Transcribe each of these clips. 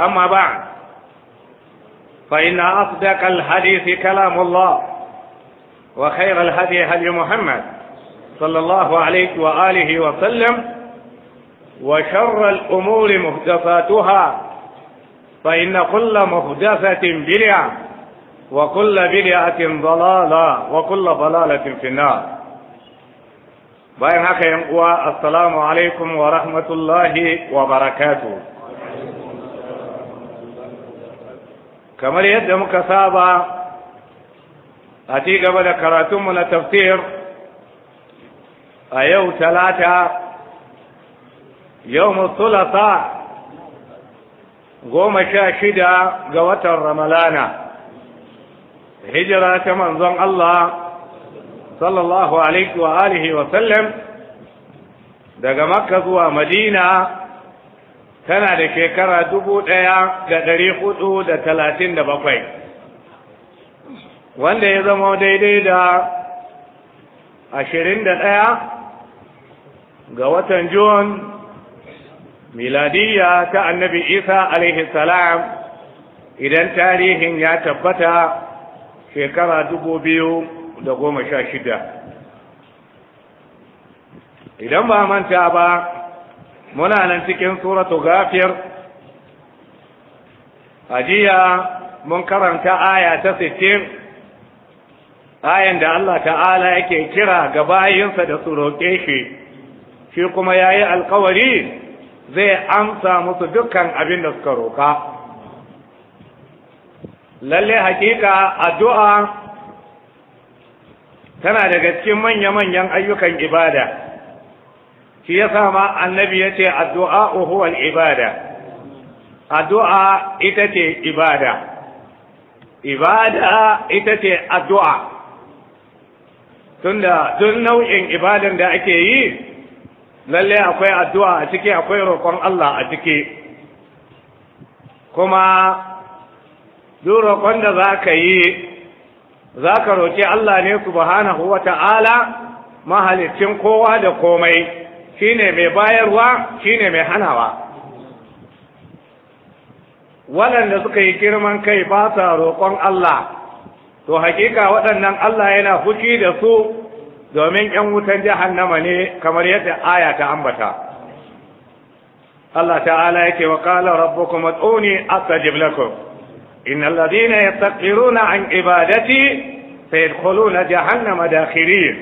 أما بعد فإن أصدق الحديث كلام الله وخير الهدي هدي محمد صلى الله عليه وآله وسلم وشر الأمور محدثاتها فإن كل محدثة بدعة وكل بدعة ضلالة وكل ضلالة في النار bayan حقيقة السلام عليكم ورحمة الله وبركاته kamar yadda muka saba a ci gaba da karatunmu na tafsir a yau talata yau musulasa goma sha shida ga watan ramalana hijira ta manzon Allah sallallahu alaihi wa alihi wa sallam daga makka zuwa madina tana da shekara dubu ɗaya da ɗari hudu da talatin da bakwai wanda ya zama daidai da ashirin da ɗaya ga watan Jun miladiyya ta annabi isa alaihi idan tarihin ya tabbata shekara dubu biyu da goma sha shida idan ba manta ba muna nan cikin suratu ghafir ajiya mun karanta aya ta sittin ayan da Allah ta'ala yake kira ga bayinsa da su roƙe shi shi kuma ya yi alkawari zai amsa musu dukkan abin da suka roƙa lalle hakika addu'a tana daga cikin manya-manyan ayyukan ibada shi yasa ma annabi yace addu'a huwa ibada addu'a ita ce ibada ibada ita ce addu'a tunda duk nau'in ibadan da ake yi lalle akwai addu'a a ciki akwai roƙon Allah a ciki kuma duk roƙon da za ka yi za ka roƙi Allah ne subhanahu wa ta'ala mahalicin kowa da komai shine mai bayarwa shine mai hanawa waɗanda suka yi girman kai ba sa roƙon Allah to hakika waɗannan Allah yana fushi da su domin ƴan wutan jahannama ne kamar yadda aya ta ambata Allah ta'ala yake wa qala rabbukum ud'uni astajib lakum innal ladina yastakbiruna an ibadati sayadkhuluna jahannama dakhirin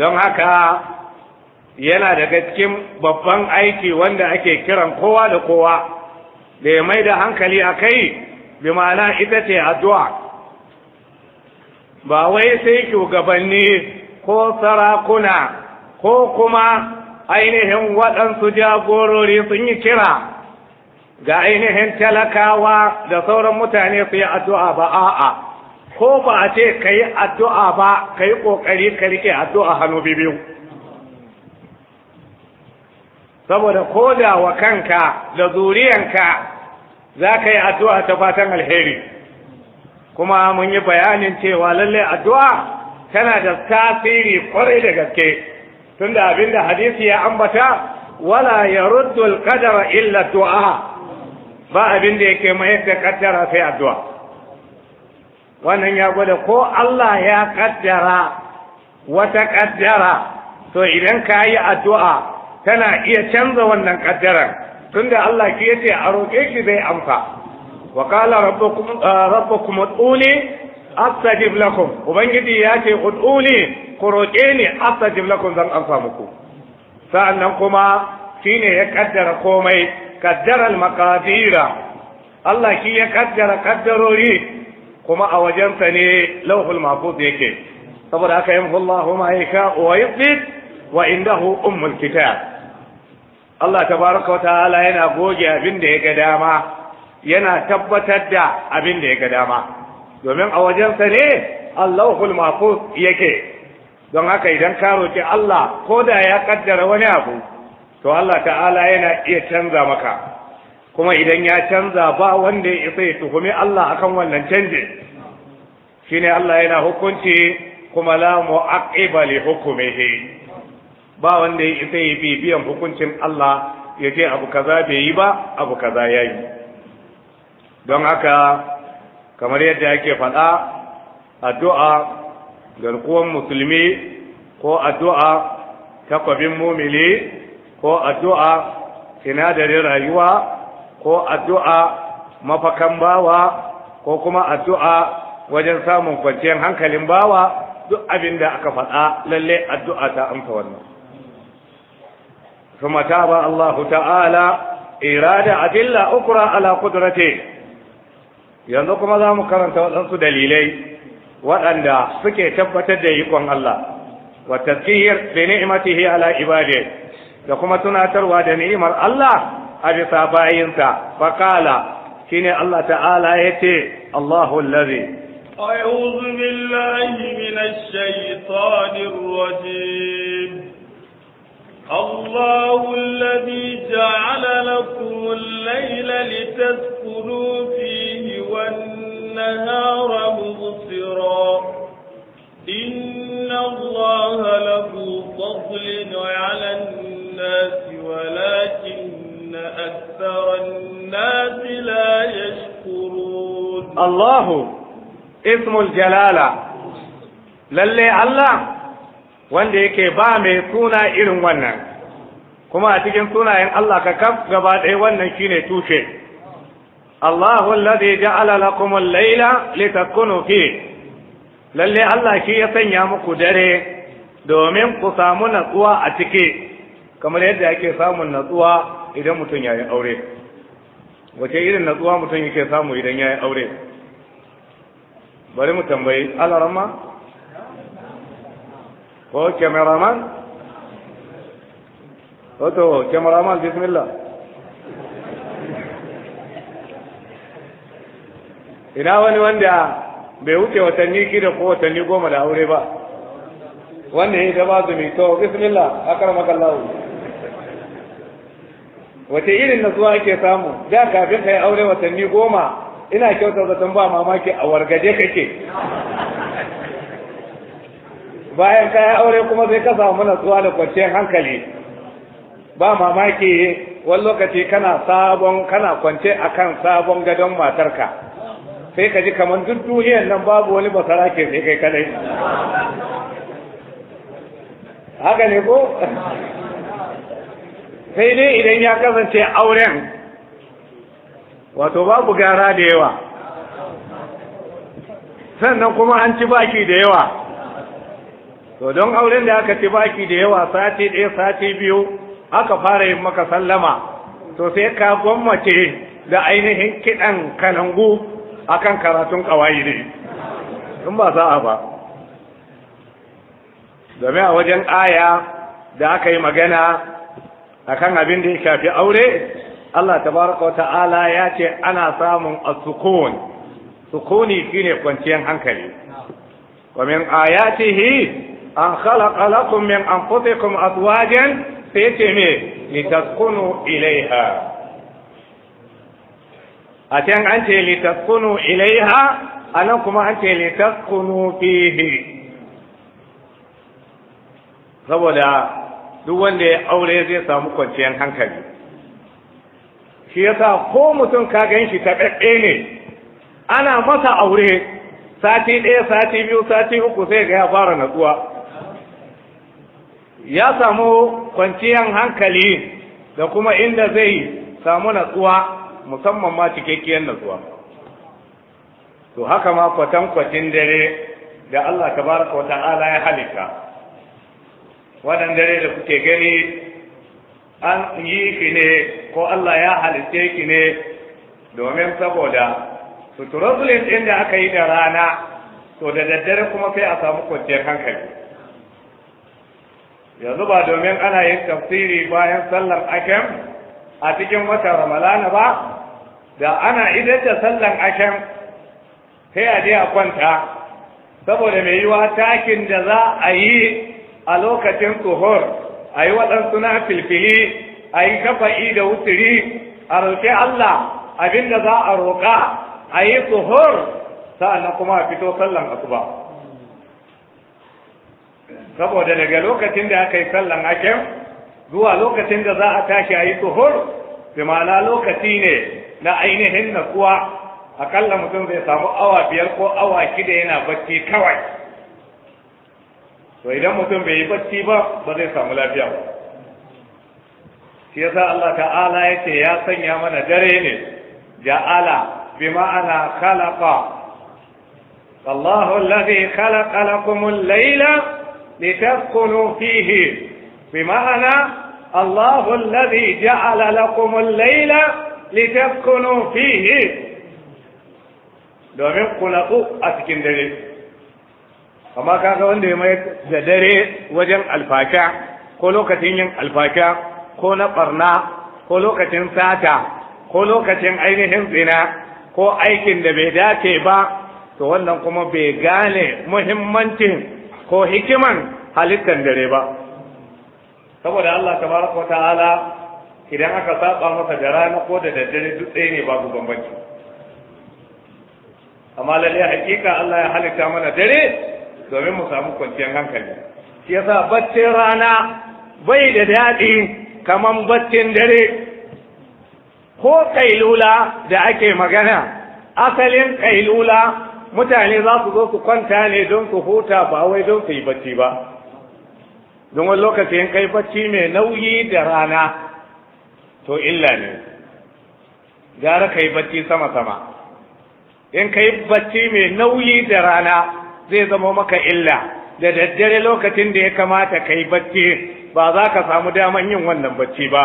don haka yana daga cikin babban aiki wanda ake kiran kowa da kowa da mai da hankali a kai bi ma'ana ita ce addu'a ba wai sai shugabanni ko sarakuna ko kuma ainihin waɗansu jagorori sun yi kira ga ainihin talakawa da sauran mutane su yi addu'a ba a'a ko ba a ce ka yi addu'a ba ka yi ƙoƙari ka rike addu'a hannu biyu saboda ko da wa kanka da zuriyanka za ka yi addu'a ta fatan alheri kuma mun yi bayanin cewa lalle addu'a tana da tasiri kwarai da gaske tunda abinda hadisi ya ambata wala ya ruddul kadara illa du'a ba abin da yake mayar da kaddara sai addu'a wannan ya gwada ko Allah ya kaddara wata kaddara to idan ka yi addu'a tana iya canza wannan kaddaran tunda Allah ki yace a roƙe shi zai amsa wa qala rabbukum uh, rabbukum ud'uni astajib lakum ubangiji ya ce ud'uni ku roƙe ni astajib lakum zan amsa muku sa'annan kuma shine ya kaddara komai kaddara al-maqadira Allah ki ya kaddara kaddarori kuma a wajensa ne lauhul mahfuz yake saboda haka yamhu Allahu ma yasha wa yusbit wa indahu ummul kitab Allah ta tabaraka wa ta'ala yana goge abin da ya ga dama yana tabbatar da abin da ya ga dama domin a wajen sa ne Allahul mahfuz yake don haka idan ka roki Allah ko da ya kaddara wani abu to Allah ta'ala yana iya canza maka kuma idan ya canza ba wanda ya isa tuhumi Allah akan wannan canje shine Allah yana hukunci kuma la mu'aqqiba li ba wanda ya isa yi biyan hukuncin Allah ya ce abu kaza bai yi ba abu kaza ya yi don haka kamar yadda yake faɗa addu'a garkuwan musulmi ko addu'a takwabin mumili ko addu'a sinadarin rayuwa ko addu'a mafakan bawa ko kuma addu'a wajen samun kwanciyar hankalin bawa duk abin da aka faɗa lalle addu'a ta amsa wannan ثم تاب الله تعالى إرادة أدلة أخرى على قدرته ينظركم هذا مكرن تولنسوا دليلي وأن سكي تبت ديكم الله والتذكير بنعمته على عباده لكم تناتر ودنعمر الله أبطى باينتا فقال كيني الله تعالى يتي الله الذي أعوذ بالله من الشيطان الرجيم الله الذي جعل لكم الليل لتسكنوا فيه والنهار مبصرا إن الله له فضل على الناس ولكن أكثر الناس لا يشكرون الله اسم الجلالة للي الله wanda yake ba mai suna irin wannan kuma a cikin sunayen Allah ka kaf gaba ɗaya wannan shine tushe Allahu alladhi ja'ala lakum al-laila litakunu fi lalle Allah shi ya sanya muku dare domin ku samu natsuwa a ciki kamar yadda ake samun natsuwa idan mutum ya yi aure wace irin natsuwa mutum yake samu idan ya yi aure bari mu tambayi alarama ko oh, cameraman wato oh, cameraman bismillah ina wani wanda bai wuce watanni kida ko watanni goma da aure ba wanda ya ta bazu mai to bismillah akar makallahu wace irin na zuwa ake samu da kafin ka yi aure watanni goma ina kyauta zaton ba mamaki a wargaje kake bayan kayan aure kuma zai ka samu zuwa da kwanciyar hankali ba mamaki wani lokaci kana sabon kana kwance kan sabon gadon matarka sai ka ji kamar duk duniyar nan babu wani basara ke sai kai kadai haka ne ko sai dai idan ya kasance auren wato babu gara da yawa sannan kuma an ci baki da yawa to don auren da aka ci baki da yawa sati ɗaya sati biyu aka fara yin maka sallama to sai ka gwammace da ainihin kiɗan kalangu kan karatun ƙawaye ne in ba a ba domin a wajen aya da aka yi magana a kan abin da ya shafi aure Allah tabaraka wa ta'ala ya ce ana samun a sukuni sukuni shine kwanciyar hankali wa min ayatihi an khalaqa lakum min anfusikum azwajan sai ce me litaskunu ilaiha a can an ce litaskunu ilaiha a nan kuma an ce litaskunu fihi saboda duk wanda ya aure zai samu kwanciyar hankali shi yasa ko mutum ka gan shi ta ne ana masa aure sati ɗaya sati biyu sati uku sai ga ya fara natsuwa ya samu kwanciyar hankali da kuma inda zai samu natsuwa musamman ma cikakkiyar natsuwa to haka ma kwatan kwatankwacin dare da Allah tabaraka wa ta'ala ya halitta wannan dare da kuke gani an yi ki ne ko Allah ya halitte ki ne domin saboda suturatulin ɗin da aka yi da rana to da daddare kuma sai a samu kwanciyar hankali yanzu ba domin ana yin tafsiri bayan sallar akem a cikin wata ramalana ba da ana idan da sallar akem sai a je a kwanta saboda mai yiwa takin da za a yi a lokacin suhur a yi waɗansu na filfili a yi kafa'i da wuturi a roƙe Allah abinda za a roƙa a yi tsohor sa'annan kuma a fito sallar asuba. saboda daga lokacin da aka yi sallan akem zuwa lokacin da za a tashi a yi tuhur bi lokaci ne na ainihin natsuwa akalla mutum zai samu awa biyar ko awa shida yana bacci kawai to idan mutum bai yi bacci ba ba zai samu lafiya ba shi yasa Allah ta'ala ya ce ya sanya mana dare ne ja'ala bi ma'ana khalaqa Allahu alladhi khalaqa lakum al-laila لتسكنوا فيه بمعنى الله الذي جعل لكم الليل لتسكنوا فيه domin ku natsu a cikin dare amma kaga wanda ya mai da dare wajen alfaka ko lokacin yin alfaka ko na barna ko lokacin sata ko lokacin ainihin tsina ko aikin da bai dace ba to wannan kuma bai gane muhimmancin ko hikiman halittar dare ba saboda Allah tabaraka wa ta'ala idan aka saba masa da rana ko da daddare duk ɗaya ne babu bambanci amma lalle hakika Allah ya halitta mana dare domin mu samu kwanciyar hankali shi yasa baccin rana bai da daɗi kamar baccin dare ko kailula da ake magana asalin ƙailula. mutane za su zo su kwanta ne don su huta ba wai don su yi bacci ba don wani lokaci in kai bacci mai nauyi da rana to illa ne gara ka yi bacci sama-sama in ka bacci mai nauyi da rana zai zama maka illa da daddare lokacin da ya kamata ka yi bacci ba za ka samu daman yin wannan bacci ba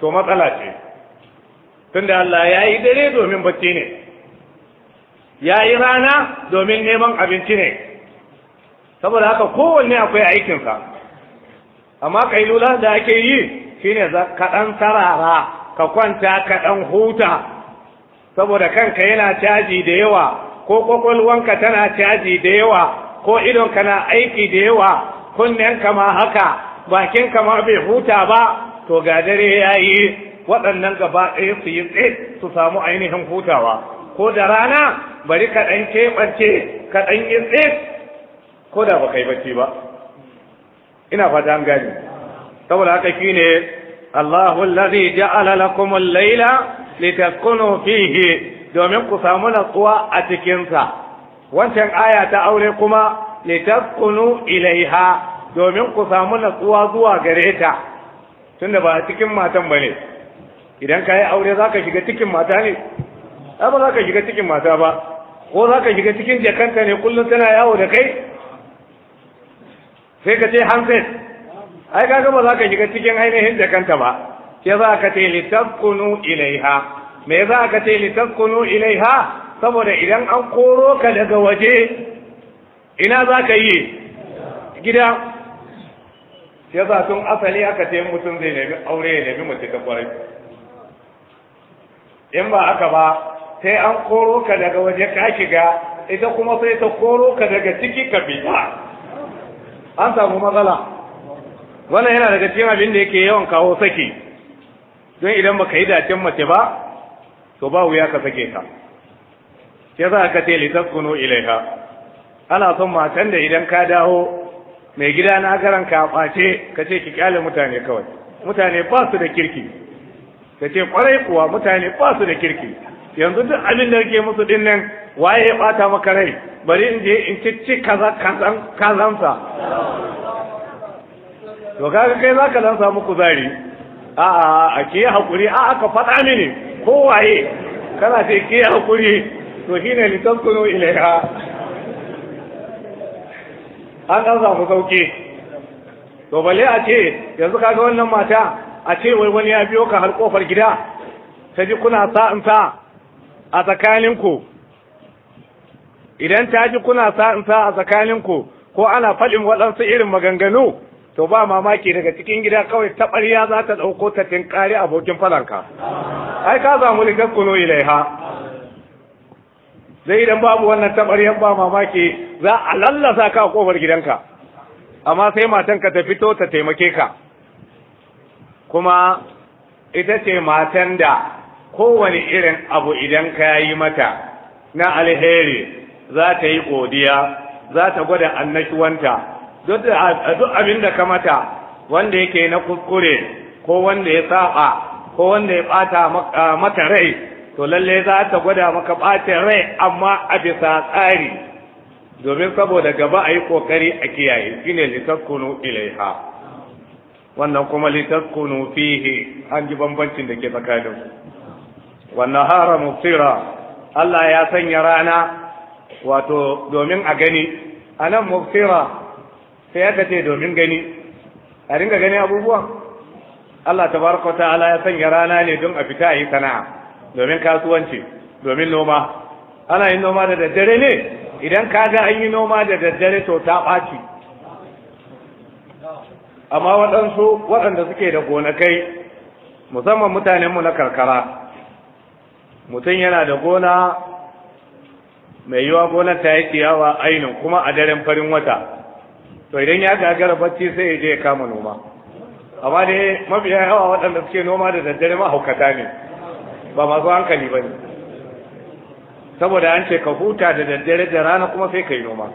to matsala ce tunda Allah ya yi dare domin bacci ne ya yi rana domin neman abinci ne saboda haka kowanne akwai aikinsa amma kailula da ake yi shine ka ɗan sarara ka kwanta kaɗan huta saboda kanka yana caji da yawa ko kwakwalwanka tana caji da yawa ko idonka na aiki da yawa kunnenka ma haka bakinka ma bai huta ba to ga dare ya yi waɗannan gaba ɗaya su yi tsaye su samu ainihin hutawa ko da rana bari ka ɗan keɓance ka ɗan yi tsit ko da ba kai bacci ba ina fata an gani saboda haka shi ne Allahu allazi ja'ala lakum al-laila litaskunu fihi domin ku samu natsuwa a cikinsa wancan aya ta aure kuma litaskunu ilaiha domin ku samu natsuwa zuwa gare ta tunda ba cikin matan bane idan ka yi aure za ka shiga cikin mata ne ba za ka shiga cikin mata ba ko za ka shiga cikin jakanta ne kullum tana yawo da kai sai ka ce hanset. ai kaga ba za ka shiga cikin ainihin jakanta ba ke za ka ce litaskunu ilaiha me za ka ce litaskunu ilaiha saboda idan an koro ka daga waje ina za ka yi gida ya za tun asali aka ce mutum zai nemi aure ya nemi mace ta kwarai in ba aka ba sai an koro ka daga waje ka shiga ita kuma sai ta koro ka daga ciki ka fita an samu matsala wannan yana daga cikin abin da yake yawan kawo saki don idan baka yi dacen mace ba to ba wuya ka sake ka. sai za ka ce litaskunu ilaiha ana son matan da idan ka dawo mai gida na garan ka face ka ce ki kyale mutane kawai mutane ba su da kirki ka ce kwarai kuwa mutane ba su da kirki yanzu duk abin da yake musu din nan waye ya bata maka rai bari in je in cicci kaza kazansa to kaga kai zaka dan samu kuzari a a a ke hakuri a aka faɗa mini ko waye kana ce ke hakuri to shine litaskunu ilaiha an ga samu sauki to bale a ce yanzu kaga wannan mata a ce wai wani ya biyo ka har kofar gida ta ji kuna sa'anta a tsakaninku idan ta ji kuna sa'in sa a tsakaninku ko ana faɗin waɗansu irin maganganu to ba mamaki daga cikin gida kawai taɓarya za ta ɗauko ta tinkari abokin falanka ai ka zamu da gaskuno ilaiha zai idan babu wannan taɓaryan ba mamaki za a lallasa ka a ƙofar gidanka amma sai matan ka ta fito ta taimake ka kuma ita ce matan da kowane irin abu idan ka yi mata na alheri za ta yi godiya za ta gwada annashuwanta duk abin da ka mata wanda yake na kuskure ko wanda ya saba ko wanda ya bata mata rai to lalle za ta gwada maka bata rai amma a bisa tsari domin saboda gaba a yi kokari a kiyaye shine litaskunu ilaiha wannan kuma litakunu fihi an ji bambancin da ke tsakaninsu wannahara mubsira Allah ya sanya rana wato domin a gani anan mubsira sai yadda ce domin gani a ringa gani abubuwa Allah ta barko ta'ala ya sanya rana ne don a fita a yi sana'a domin kasuwanci domin noma ana yin noma da daddare ne idan ka ga an yi noma da daddare to ta ɓaci amma waɗansu waɗanda suke da gonakai musamman mutanenmu na karkara mutum yana da gona mai yiwa gona ta yi ciyawa ainin kuma a daren farin wata to idan ya gagara bacci sai ya je ya kama noma amma dai mafiya yawa waɗanda suke noma da daddare mahaukata ne ba masu hankali ba ne saboda an ce ka huta da daddare da rana kuma sai ka yi noma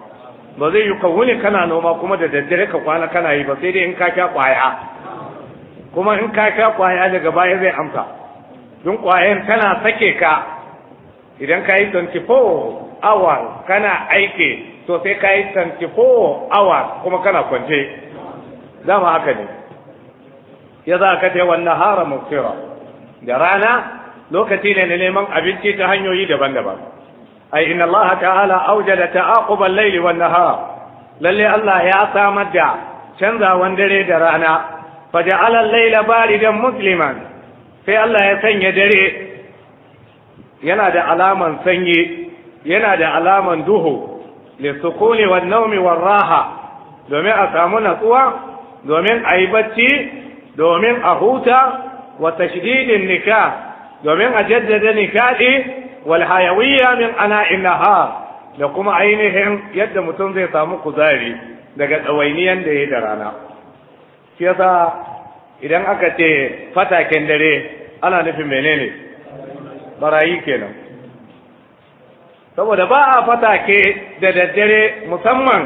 ba zai yi ka wuni kana noma kuma da daddare ka kwana kana yi ba sai dai in ka sha kwaya kuma in ka sha kwaya daga baya zai amsa don ƙwayan tana sake ka idan ka yi 24 hours kana aiki to sai ka yi 24 hours kuma kana kwance dama haka ne ya za ka ta wannan hara mafira da rana lokaci ne na neman abinci ta hanyoyi daban-daban ai inna Allah ta'ala aujada ta'aquban layli wan nahar lalle Allah ya samar da canzawan dare da rana faja'ala al-layla baridan musliman sai Allah ya sanya dare yana da alaman sanyi yana da alaman duhu lissukuni wa naumi wa raha domin a samu natsuwa domin a yi bacci domin a huta wa tashdidin nika, domin a jaddada nikaɗi wal hayawiyya min ana inaha da kuma ainihin yadda mutum zai samu kuzari daga ɗawainiyan da ya da rana shi yasa idan aka ce fataken dare ana nufin menene barayi kenan saboda ba a fatake da daddare musamman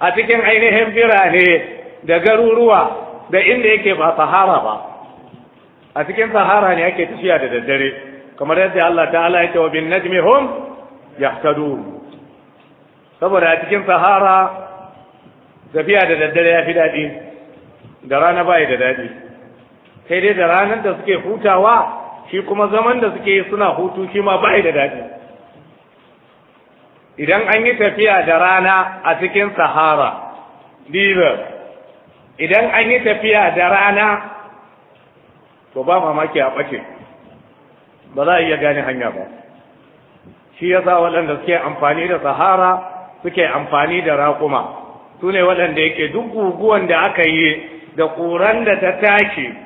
a cikin ainihin birane da garuruwa da inda yake ba sahara ba a cikin sahara ne ake tafiya da daddare kamar yadda Allah ta'ala yake wa bin najmi hum yahtadun saboda a cikin sahara tafiya da daddare ya fi daɗi da rana ba da daɗi sai dai da ranar da suke hutawa shi kuma zaman da suke suna hutu shi ma ba da daɗi idan an yi tafiya da rana a cikin sahara river idan an yi tafiya da rana to ba mamaki a ɓace ba za a iya gane hanya ba shi ya sa waɗanda suke amfani da sahara suke amfani da raƙuma su ne waɗanda yake duk guguwan da aka yi da ƙuran da ta tashi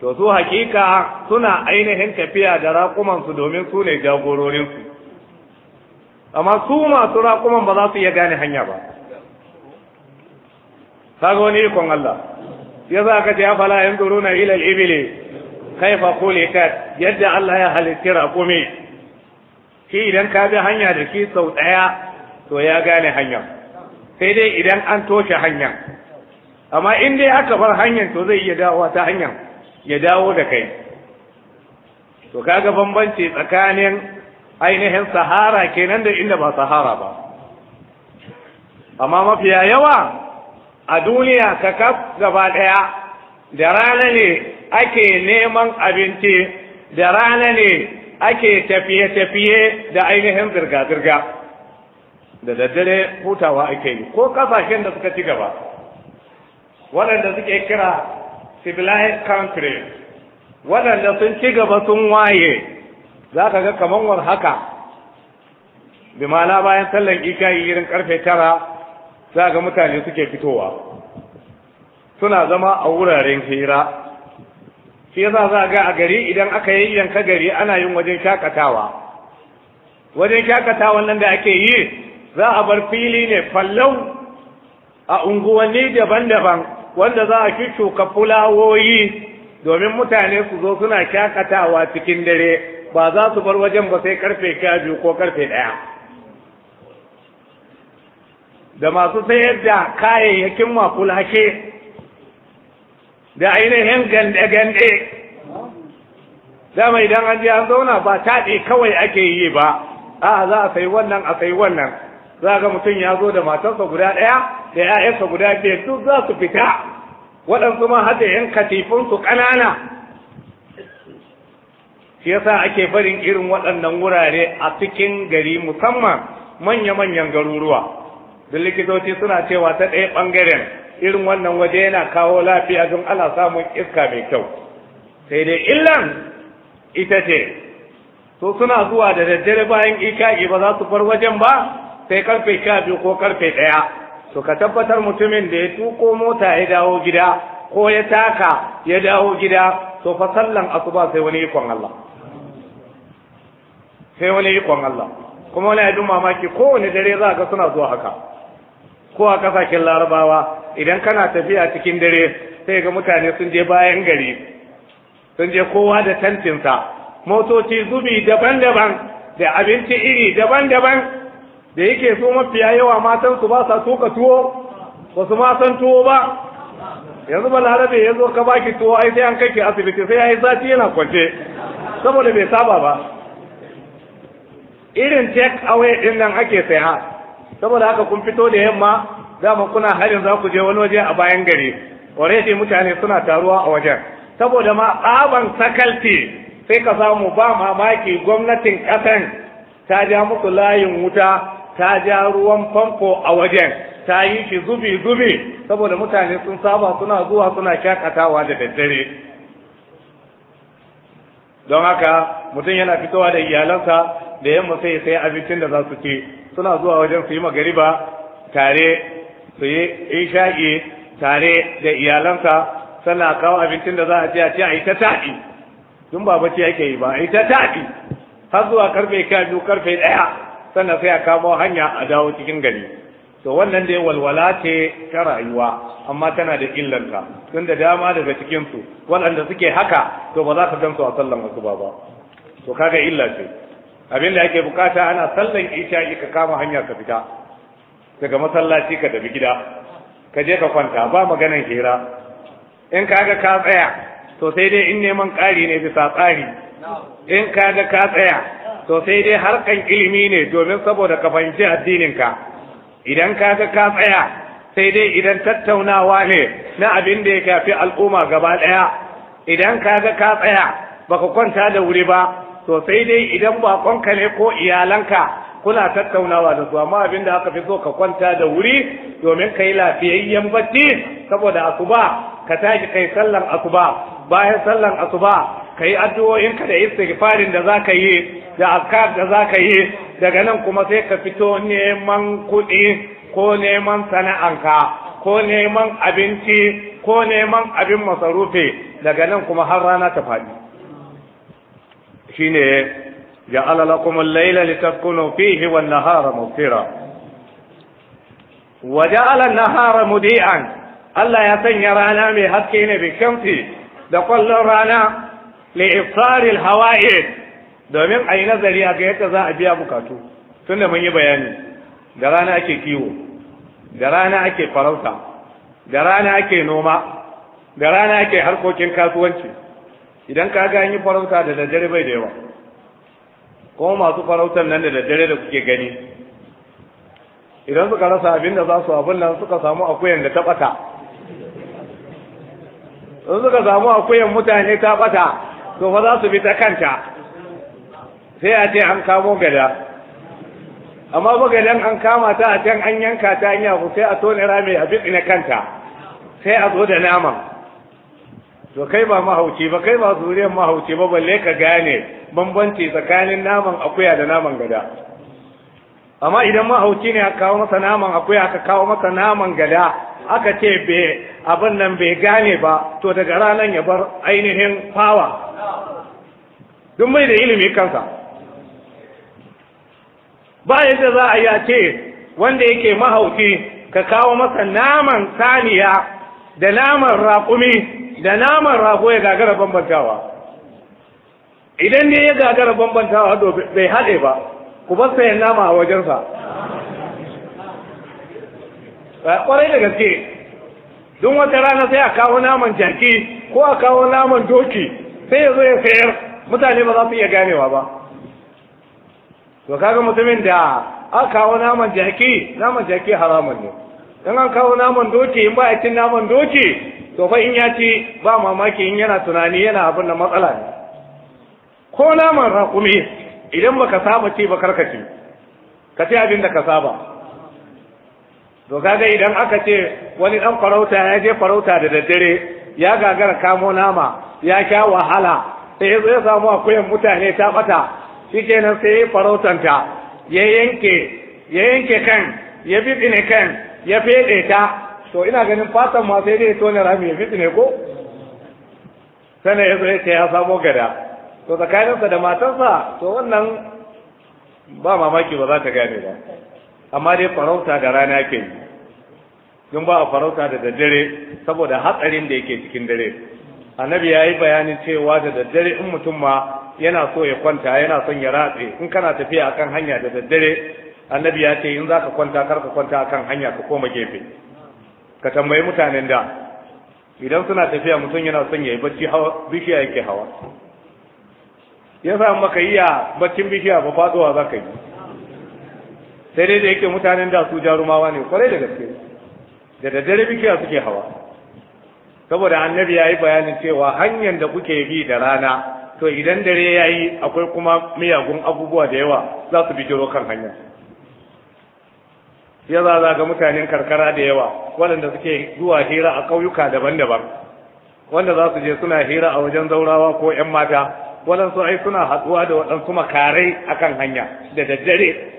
to su hakika suna ainihin tafiya da raƙumansu domin su ne jagororinsu amma su masu raƙuman ba za su iya gane hanya ba kaga wani ikon Allah ya za ka ce afala yan na ilal ibili kaifa kulikat yadda Allah ya halitti raƙumi shi idan ka bi hanya da shi sau ɗaya to ya gane hanya sai dai idan an toshe hanya amma in dai aka bar hanyar to zai iya dawowa ta hanyar ya dawo da kai to kaga bambanci tsakanin ainihin sahara kenan da inda ba sahara ba amma mafiya yawa a duniya ka kaf gaba ɗaya da rana ne ake neman abinci da rana ne ake tafiye-tafiye da ainihin zirga-zirga da daddare hutawa ake yi ko kasashen da suka ci gaba waɗanda suke kira civilized country. waɗanda sun ci gaba sun waye za ka ga kamar war haka bi ma'ana bayan sallan yi irin karfe tara za ga mutane suke fitowa suna zama a wuraren hira shi yasa za ga a gari idan aka yi yanka gari ana yin wajen shakatawa wajen shakatawan nan da ake yi za a bar fili ne fallau a unguwanni daban-daban wanda za a shuka fulawoyi domin mutane su zo suna shakatawa cikin dare ba za su bar wajen ba sai karfe kyaju ko karfe ɗaya da masu sayar da kayayyakin makulashe da ainihin gande-gande dama idan an je an zauna ba taɗe kawai ake yi ba a za a sayi wannan a sayi wannan za ga mutum ya zo da matarsa guda ɗaya da ‘ya'yansa guda biyar duk za su fita waɗansu ma har da ‘yan katifinsu ƙanana shi yasa ake barin irin waɗannan wurare a cikin gari musamman manya-manyan garuruwa da likitoci suna cewa ta ɗaya ɓangaren irin wannan waje yana kawo lafiya don ana samun iska mai kyau sai dai illan ita ce to suna zuwa da daddare bayan ika'i ba za su bar wajen ba sai karfe sha biyu ko karfe ɗaya to ka tabbatar mutumin da ya tuko mota ya dawo gida ko ya taka ya dawo gida to fa sallan asuba sai wani ikon Allah sai wani ikon Allah kuma wani abin mamaki kowane dare za ga suna zuwa haka ko a kasashen larabawa idan kana tafiya cikin dare sai ga mutane sun je bayan gari sun je kowa da tantinsa motoci zubi daban-daban da abinci iri daban-daban da yake so mafiya yawa matan su ba sa toka tuwo ba su ma san tuwo ba yanzu ba balarabe ya zo ka baki tuwo ai sai an kai asibiti sai ya yi sati yana kwance saboda bai saba ba irin take away din nan ake saya saboda haka kun fito da yamma mu kuna halin za ku je wani waje a bayan gari already mutane suna taruwa a wajen saboda ma tsaban sakalti sai ka samu ba mamaki gwamnatin kasan ta ja muku layin wuta ta ja ruwan famfo a wajen ta yi shi zubi zubi saboda mutane sun saba suna zuwa suna shakatawa da daddare don haka mutum yana fitowa da iyalansa da yamma sai sai abincin da za su ci suna zuwa wajen su yi magariba tare su yi isha'i tare da iyalansa sannan kawo abincin da za a ci a ci a yi ta taɗi tun ba bacci yi ba a yi ta taɗi har zuwa karfe biyu karfe ɗaya sannan sai a kamo hanya a dawo cikin gari to wannan da dai walwala ce ta rayuwa amma tana da illanta tun da dama daga cikinsu. su waɗanda suke haka to ba za ka gamsu a sallan wasu ba to kaga illa ce abin da ake bukata ana sallan isha'i ka kama hanya ka fita daga masallaci ka tafi gida ka je ka kwanta ba maganan hira in kaga ka tsaya to sai dai in neman ƙari ne bisa tsari in kaga ka tsaya to sai dai harkan ilimi ne domin saboda ka fahimci addininka idan ka ga ka tsaya sai dai idan tattaunawa ne na abin da ya fi al'umma gaba ɗaya idan ka ga ka tsaya baka kwanta da wuri ba to sai dai idan baƙonka ne ko iyalanka kuna tattaunawa da su amma abin da aka fi so ka kwanta da wuri domin ka yi lafiyayyen bacci saboda asuba ka tashi kai sallan asuba bayan sallan asuba ka yi addu'o'inka da istighfarin da za ka yi da azkar da za ka yi daga nan kuma sai ka fito neman kuɗi ko neman sana'anka ko neman abinci ko neman abin masarufi daga nan kuma har rana ta faɗi shine ja'ala lakum al laila litaskunu fihi wan-nahara mubsira wa ja'ala an-nahara mudi'an Allah ya sanya rana mai haske ne bi shamsi da kwallon rana li ifsaril hawa'id domin a yi nazari a ga yadda za a biya bukatu tun da mun yi bayani da rana ake kiwo da rana ake farauta da rana ake noma da rana ake harkokin kasuwanci idan ka ga yi farauta da daddare bai da yawa kuma masu farautar nan da daddare da kuke gani idan suka rasa abin da za su abin nan suka samu akuyan da ta ɓata in suka samu akuyan mutane ta ɓata to fa za su bi ta kanta sai a ce an kamo gada amma ba gadan an kama ta a can an yanka ta an yaku sai a tone rami a bi na kanta sai a zo da naman to kai ba mahauci ba kai ba zuriyar mahauci ba balle ka gane bambanci tsakanin naman akuya da naman gada amma idan mahauci ne aka kawo masa naman akuya aka kawo masa naman gada aka ce abin nan bai gane ba to daga ranar ya bar ainihin fawa duk mai da ilimi kansa ba yadda za a ce wanda yake mahauki ka kawo masa naman saniya da naman raƙumi da naman rago ya gagara bambantawa idan ne ya gagara bambantawa bai haɗe ba ku bar sayan nama a wajensa kwarai da gaske don wata rana sai a kawo naman jaki ko a kawo naman doki sai ya zo ya sayar mutane ba za su iya ganewa ba to kaga mutumin da a kawo naman jaki naman jaki haramun ne in an kawo naman doki in ba a cin naman doki to fa in ya ci ba mamaki in yana tunani yana abin da matsala ne ko naman raƙumi idan baka saba ci ba karkace ka ci abin da ka saba to kaga idan aka ce wani dan farauta ya je farauta da daddare ya gagara kamo nama ya kya wahala sai ya ya samu akuyan mutane ta bata shikenan sai ya farautanta ya yanke ya yanke kan ya bibine kan ya fede ta to ina ganin fatan ma sai dai ne rami ya bibine ko sannan ya zai ya samo gada to tsakaninsa da matansa to wannan ba mamaki ba za ta gane ba amma dai farauta da rana ke don ba a farauta da daddare saboda hatsarin da yake cikin dare annabi ya yi bayanin cewa da daddare in mutum ma yana so ya kwanta yana son ya ratse in kana tafiya akan hanya da daddare annabi ya ce in za ka kwanta kar ka kwanta akan hanya ka koma gefe ka tambayi mutanen da idan suna tafiya mutum yana son ya yi bacci hawa bishiya yake hawa ya sa maka iya baccin bishiya ba faɗuwa za ka yi sai dai da yake mutanen da su jarumawa ne kwarai da gaske da daddare bikiya suke hawa saboda annabi ya yi bayanin cewa hanyar da kuke bi da rana to idan dare ya yi akwai kuma miyagun abubuwa da yawa za su bijiro kan hanya ya za za ga mutanen karkara da yawa waɗanda suke zuwa hira a ƙauyuka daban-daban wanda za su je suna hira a wajen zaurawa ko 'yan mata waɗansu ai suna haɗuwa da waɗansu makarai akan hanya da daddare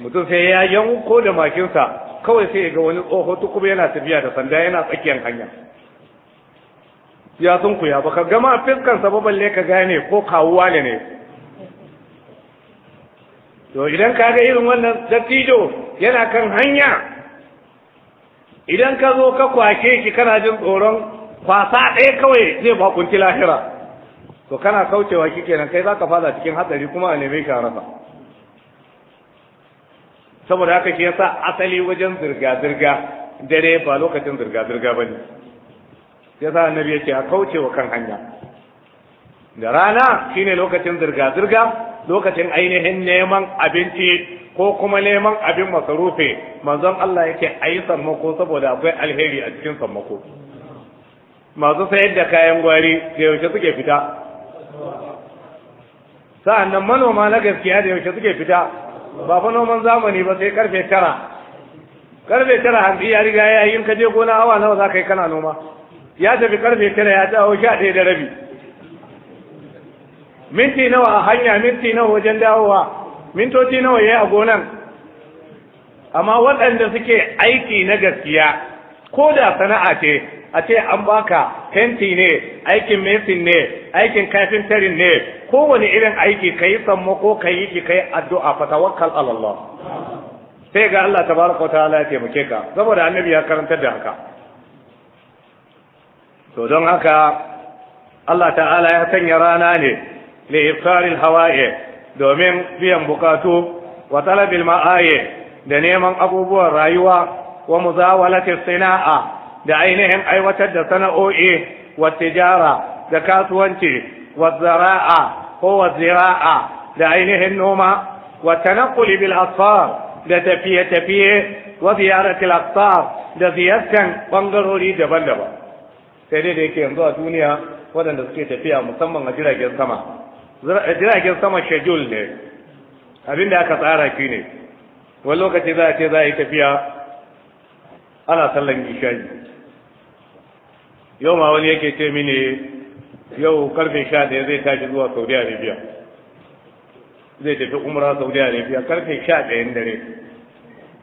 mutum sai ya yanko da makinsa kawai sai ga wani tsoho kuma yana tafiya da sanda yana tsakiyar hanya ya sun ya baka gama fiskan ba balle ka gane ko kawuwa ne ne to idan ka ga irin wannan dattijo yana kan hanya idan ka zo ka kwake shi kana jin tsoron kwasa ɗaya kawai zai bakunci lahira to kana kaucewa kike nan kai za ka fada cikin hatsari kuma a neme ka rasa saboda haka shi yasa asali wajen zirga zirga dare ba lokacin zirga zirga bane yasa annabi yake a kauce wa kan hanya da rana shine lokacin zirga zirga lokacin ainihin neman abinci ko kuma neman abin masarufe manzon Allah yake ayi sammako saboda akwai alheri a cikin sammako masu sayar da kayan gwari da yaushe suke fita sa'annan manoma na gaskiya da yaushe suke fita ba fa noman zamani ba sai karfe tara karfe tara hanzi ya riga ya yi in je gona awa nawa za ka yi kana noma ya tafi karfe tara ya dawo sha ɗaya da rabi minti nawa a hanya minti nawa wajen dawowa mintoci nawa ya yi a gonan amma waɗanda suke aiki na gaskiya ko da sana'a ce a ce an baka fenti ne aikin mesin ne aikin tarin ne kowane irin aiki ka yi ko ka yi ki kai addu'a fa tawakkal ala Allah sai ga Allah tabaraka ta'ala ya taimake ka saboda annabi ya karantar da haka to don haka Allah ta'ala ya sanya rana ne li iftaril hawa'i domin biyan bukatu wa talabil ma'aye da neman abubuwan rayuwa wa muzawalati sana'a da ainihin aiwatar da sana'o'i wa tijara da kasuwanci wa zara'a ko wa zira'a da ainihin noma wa tanaqquli bil asfar da tafiye tafiye wa ziyaratil asfar da ziyartan bangarori daban-daban sai dai da yake yanzu a duniya waɗanda suke tafiya musamman a jiragen sama eh, jiragen sama schedule ne abin da aka tsara shi ne wani lokaci za a ce za a yi tafiya ana sallan gishayi yau ma wani yake ce mini yau karfe sha ɗaya zai tashi zuwa saudi arabia zai tafi umra saudi arabia karfe sha ɗayan dare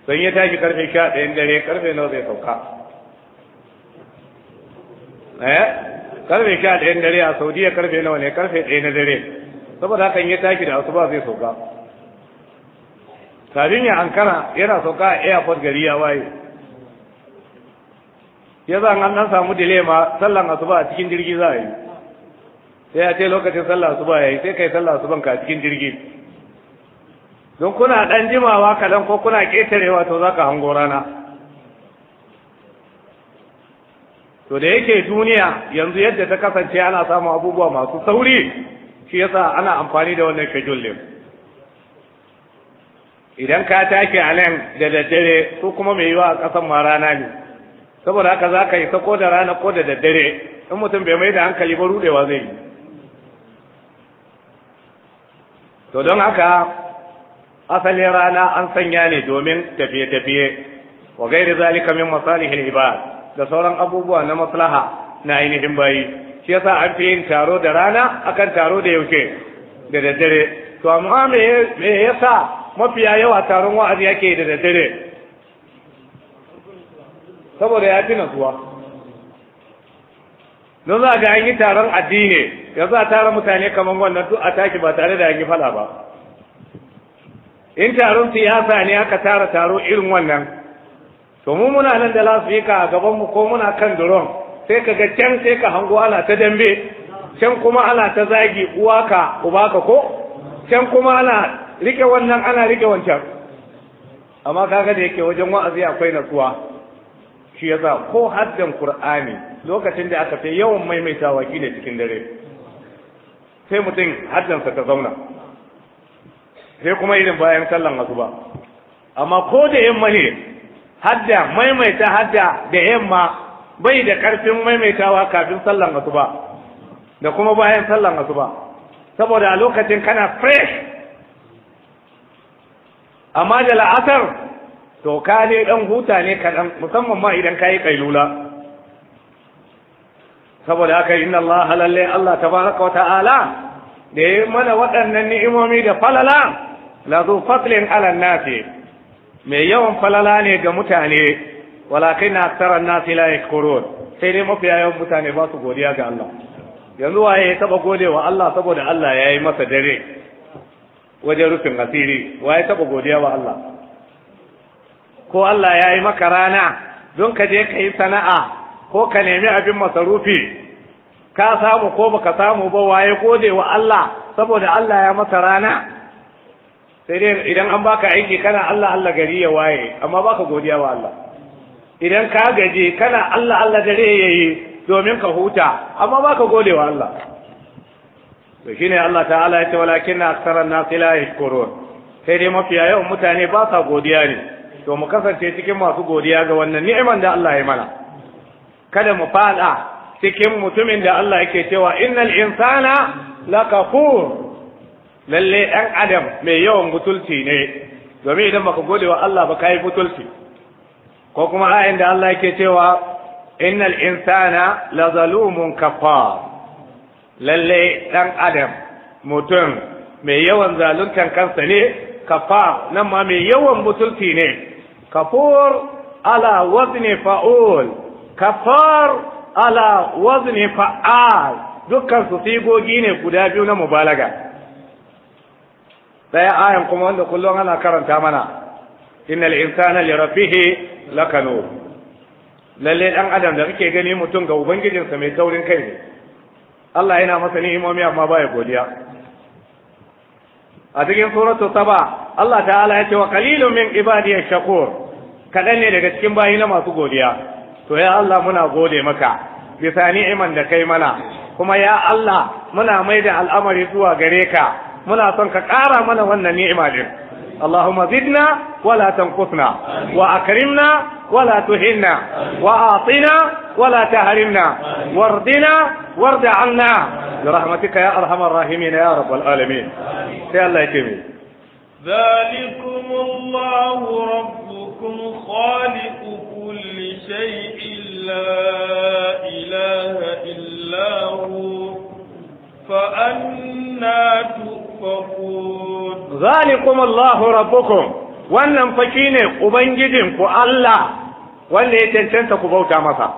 sai ya tashi karfe sha ɗayan dare karfe nawa zai sauka eh karfe sha ɗayan dare a saudiya karfe nawa ne karfe ɗaya na dare saboda hakan ya tashi da asuba zai sauka sabin ya ankara yana sauka a airport gari ya waye ya zan an samu dilema sallan asuba a cikin jirgi za a yi sai ya ce lokacin sallah ya yi, sai kai sallah su banka cikin jirgi don kuna ɗan jimawa kadan ko kuna ketarewa to za zaka hango rana to da yake duniya yanzu yadda ta kasance ana samun abubuwa masu sauri shi yasa ana amfani da wannan schedule idan ka tashi a nan da daddare su kuma mai yiwa a ƙasan ma rana ne saboda haka za ka yi sako da rana ko da daddare in mutum bai mai da hankali ba rudewa zai yi to don haka asalin rana an sanya ne domin tafiye-tafiye wa gairi zalika min masalihil ibad da sauran abubuwa na maslaha na ainihin bayi shi yasa an fi yin taro da rana akan taro da yauke da daddare to amma me yasa mafiya yawa taron wa'azi yake da daddare saboda ya fi natsuwa don za ga an yi taron addini yanzu a tara mutane kamar wannan duk a taki ba tare da an yi fala ba in taron siyasa ne aka tara taro irin wannan to mu muna nan da lafika a gaban mu ko muna kan duron sai ka ga can sai ka hango ana ta dambe can kuma ana ta zagi uwa ka uba ka ko can kuma ana rike wannan ana rike wancan amma kaga da yake wajen wa'azi akwai natsuwa shi yasa ko haddan qur'ani lokacin da aka fi yawan maimaitawa ne cikin dare sai mutum haddansa ta zauna sai kuma irin bayan sallan wasu ba amma ko da yamma ne hadda maimaita hadda da yamma bai da karfin maimaitawa kafin sallan wasu ba da kuma bayan sallan wasu ba saboda a lokacin kana fresh amma da la'asar to ka ne dan huta ne kaɗan musamman ma idan ka yi kailula saboda haka inna Allah lalle Allah tabaraka wata'ala da ya mana waɗannan ni'imomi da falala la zu fadlin ala nasi mai yawan falala ne ga mutane walakin aktsara nasi la yashkurun sai dai mafiya yawan mutane ba su godiya ga Allah yanzu waye ya taba godewa Allah saboda Allah ya yi masa dare wajen rufin asiri waye taba godiya wa Allah ko Allah ya yi maka rana don ka je ka yi sana'a ko ka nemi abin masarufi ka samu ko baka samu ba waye gode wa Allah saboda Allah ya masa rana sai dai idan an baka aiki kana Allah Allah gari ya waye amma baka godiya wa Allah idan ka gaje kana Allah Allah dare yi domin ka huta amma baka gode wa Allah to shine Allah ta'ala ya ce walakinna aktharan nas la yashkurun sai dai mafiya yawan mutane ba sa godiya ne to mu kasance cikin masu godiya ga wannan ni'imar da Allah ya mana kada mu fada cikin mutumin da Allah yake cewa innal insana la lakafur lalle ɗan adam mai yawan butulci ne domin idan baka gode wa Allah ba kai butulci ko kuma ayin da Allah yake cewa innal insana lazalumun kafar lalle ɗan adam mutum mai yawan zaluntan kansa ne kafa nan ma mai yawan butulci ne kafur ala wazni fa'ul kafar ala wazni fa'al dukkan su sigogi ne guda biyu na mubalaga daya ayan kuma wanda kullum ana karanta mana innal insana li rabbihi lakanu lalle dan adam da kake gani mutum ga ubangijinsa mai taurin kai ne Allah yana masa ni'imomi amma baya godiya a cikin suratu saba Allah ta'ala ya ce wa qalilun min ibadiyash shakur kadan ne daga cikin bayi na masu godiya to ya Allah muna gode maka bisa ni'iman da kai mana kuma ya Allah muna mai da al'amari zuwa gare ka muna son ka ƙara mana wannan ni'ima din Allahumma zidna wa la tanqusna wa akrimna wa la tuhinna wa wala wa la tahrimna wardina warda anna birahmatika ya arhamar rahimin ya rabbal alamin sai Allah ذلكم الله ربكم خالق كل شيء لا إله إلا هو فأنا تؤفكون ذلكم الله ربكم wannan faki ne ubangijin ku Allah wanda ya cancanta ku bauta masa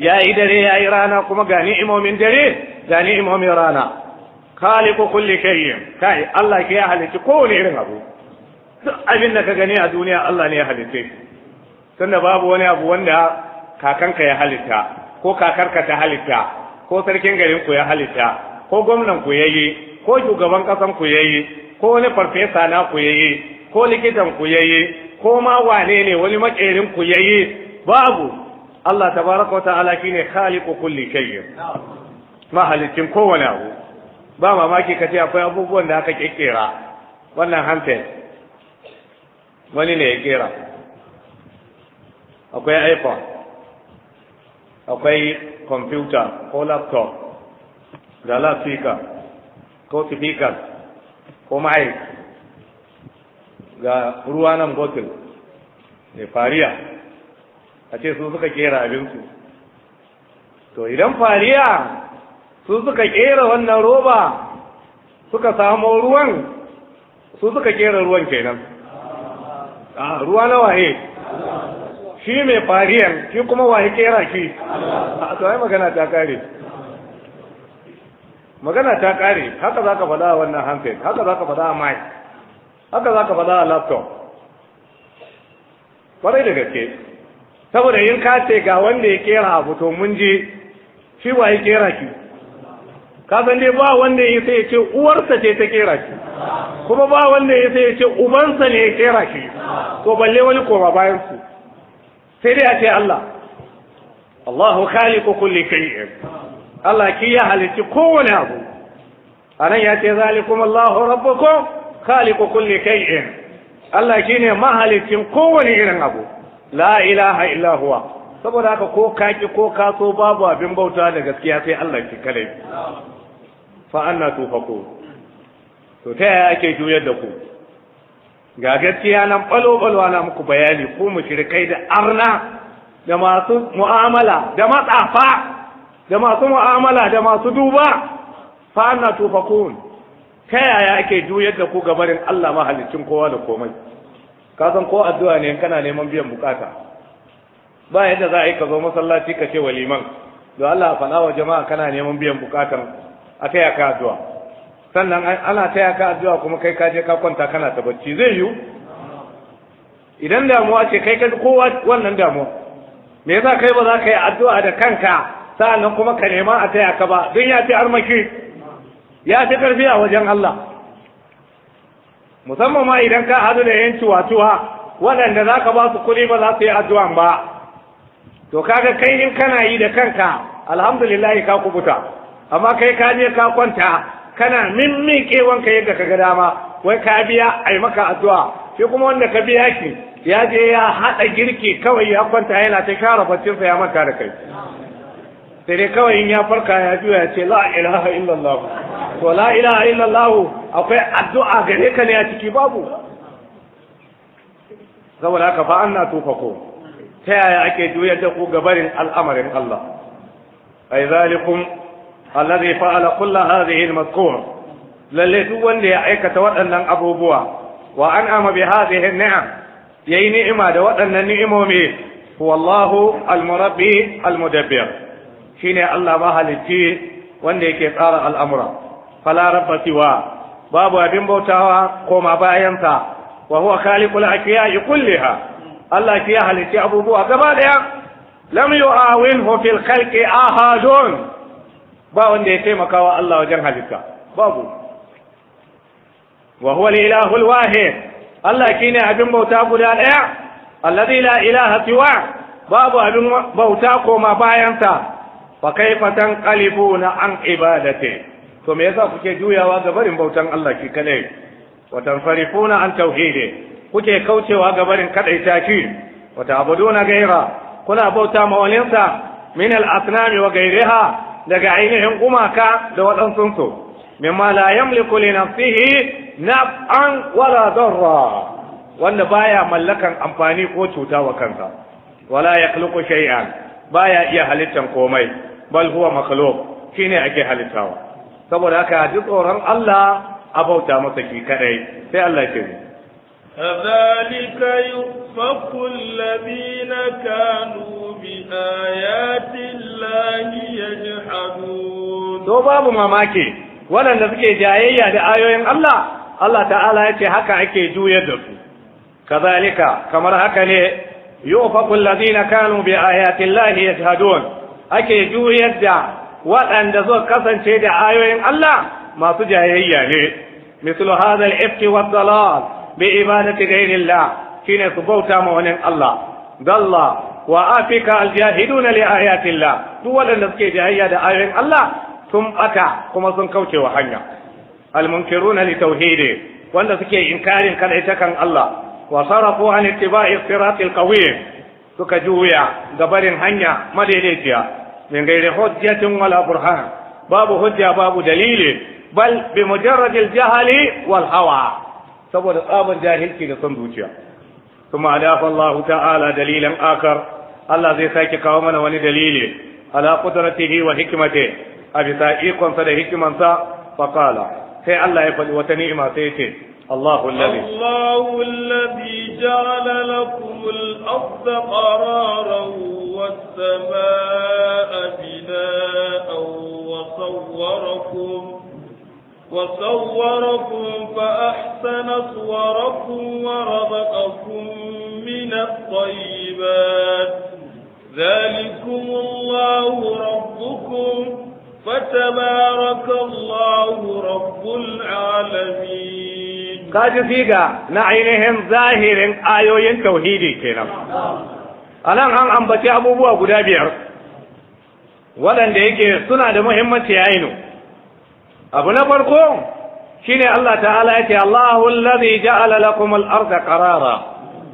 ya yi dare ya yi rana kuma ga ni'imomin dare ga ni'imomin rana khaliqu kulli shay'in kai Allah ke ya halicci kowane irin abu duk abin da ka gani a duniya Allah ne ya halitta tunda babu wani abu wanda kakanka ya halitta ko kakarka ta halitta ko sarkin garin ku ya halitta ko gwamnan ku yayi ko shugaban kasan ku yayi ko wani farfesa na ku yayi ko likitan ku yayi ko ma wane ne wani makerin ku yayi babu Allah tabaraka wa ta'ala shine khaliqu kulli shay'in mahalicin kowane abu ba mamaki ka ce akwai abubuwan da aka kekkera wannan hamfen wani ne ya kera akwai iphone akwai computer ko laptop da lafika ko speaker ko mic ga ruwa nan gotel da fariya a ce su suka kera abinsu to idan fariya su suka kera wannan roba suka samu ruwan su suka kera ruwan kenan a ruwa na waye shi mai fariyan shi kuma waye kera shi a to magana ta kare magana ta kare haka za ka faɗa a wannan handset haka za ka faɗa a mic haka za ka faɗa a laptop kwarai da gaske saboda yin kace ga wanda ya kera abu to mun je shi waye kera shi ka dai ba wanda ya sai ya ce uwarsa ce ta kera shi kuma ba wanda ya sai ya ce ubansa ne ya kera shi to balle wani koma bayan su sai dai a ce Allah Allahu khaliqu kulli shay'in Allah ki ya halitti kowane abu anan ya ce zalikum Allahu rabbukum khaliqu kulli shay'in Allah shine mahalicin kowane irin abu la ilaha illa huwa saboda haka ko kaki ko kaso babu abin bauta da gaskiya sai Allah ki kadai fa anna tufaqu to ta yaya ake juyar da ku ga gaskiya nan balo balo ana muku bayani ko mushrikai da arna da masu mu'amala da matsafa da masu mu'amala da masu duba fa anna ta yaya ake juyar da ku gabarin Allah mahalicin kowa da komai ka san ko addu'a ne kana neman biyan bukata ba yadda za a yi ka zo masallaci ka ce waliman don Allah faɗa wa jama'a kana neman biyan bukatan a taya ka addu'a sannan ana taya ka addu'a kuma kai ka je ka kwanta kana ta bacci zai yiwu idan damuwa ce kai ka kowa wannan damuwa me yasa kai ba za ka yi addu'a da kanka sa'annan kuma ka nema a taya ka ba don ya fi armaki ya fi karfi a wajen Allah musamman ma idan ka hadu da yanci watuwa waɗanda za ka ba su kuɗi ba za su yi addu'a ba to kaga kai in kana yi da kanka alhamdulillah ka kubuta amma kai ka je ka kwanta kana min wanka ka yadda ka ga dama wai ka biya ai maka addu'a shi kuma wanda ka biya ki ya je ya haɗa girki kawai ya kwanta yana ta share baccinsa ya manta da kai sai dai kawai in ya farka ya juya ya ce la ilaha illallah to la ilaha illallah akwai addu'a gare ka ne a ciki babu saboda haka fa anna tufako ta yaya ake juyar da ku gabarin al'amarin Allah ai zalikum alladhi fa'ala kullu hadhihi al-mazkur lalle duk wanda ya aikata waɗannan abubuwa wa an'ama bi hadhihi an-ni'am yayi ni'ima da waɗannan ni'imomi wallahu al-murabbi al-mudabbir shine Allah mahalicci wanda yake tsara al'amura fala rabba siwa babu abin bautawa koma bayansa wa huwa khaliqul ashiya'i kulliha Allah shi ya halicci abubuwa gaba daya lam yu'awinhu fil khalqi ahadun ba wanda ya taimaka wa Allah wajen halitta babu wa huwa al-ilahu al-wahid Allah kine abin bauta guda daya alladhi la ilaha siwa babu abin bauta koma bayansa fa kaifa tanqalibuna an ibadati to me yasa kuke juyawa ga barin bautan Allah ki kadai wa tanfarifuna an tauhidi kuke kaucewa ga barin kadaita ki wa ta'buduna gaira kuna bauta ma min al-asnam wa gairiha daga ainihin gumaka da waɗansunsu mimma la yamliku li nafsihi naf'an wala darra wanda baya mallakan amfani ko cuta wa kansa wala yakhluqu shay'an baya iya halittan komai bal huwa makhluq shine ake halittawa saboda haka ji tsoron Allah a bauta masa ki kadai sai Allah ya كذلك يؤفك الذين كانوا بآيات الله يجحدون to babu mamaki waɗanda suke jayayya da ayoyin Allah Allah ta'ala yace haka ake juyar da su kazalika kamar haka ne yufaku alladhina kanu bi ayati llahi yajhadun ake juyar da waɗanda suka kasance da ayoyin Allah masu jayayya ne mislu hadha al bi ibadati ghairillah shine su bauta ma wani Allah dalla wa afika aljahiduna li ayatillah duk waɗanda suke jahayya da ayoyin Allah sun aka kuma sun kauce wa hanya almunkiruna li tauhidi wanda suke inkarin kadaita kan Allah wa sarafu an ittiba'i siratil qawim suka juya gabarin hanya madaidaiciya min gairi hujjatin wala burhan babu hujja babu dalili bal bi mujarradil jahali wal hawa saboda tsabar jahilci da son zuciya kuma fa Allah ta'ala dalilan akar Allah zai sake kawo mana wani dalili ala qudratihi wa hikmati a bisa ikonsa da hikimansa faqala sai Allah ya faɗi wata ni'ima sai yace ce الله الذي الله الذي جعل لكم الأرض قرارا والسماء بناء وصوركم وصوركم فأحسن صوركم ورزقكم من الطيبات ذلكم الله ربكم فتبارك الله رب العالمين قد فيك نعينهم ظاهر آيوين توحيدي كنا أنا an ambaci abubuwa guda biyar waɗanda ولن suna سنة دمهمة ya abu na farko shine Allah ta'ala yake Allahu allazi ja'ala lakum al da ƙarara."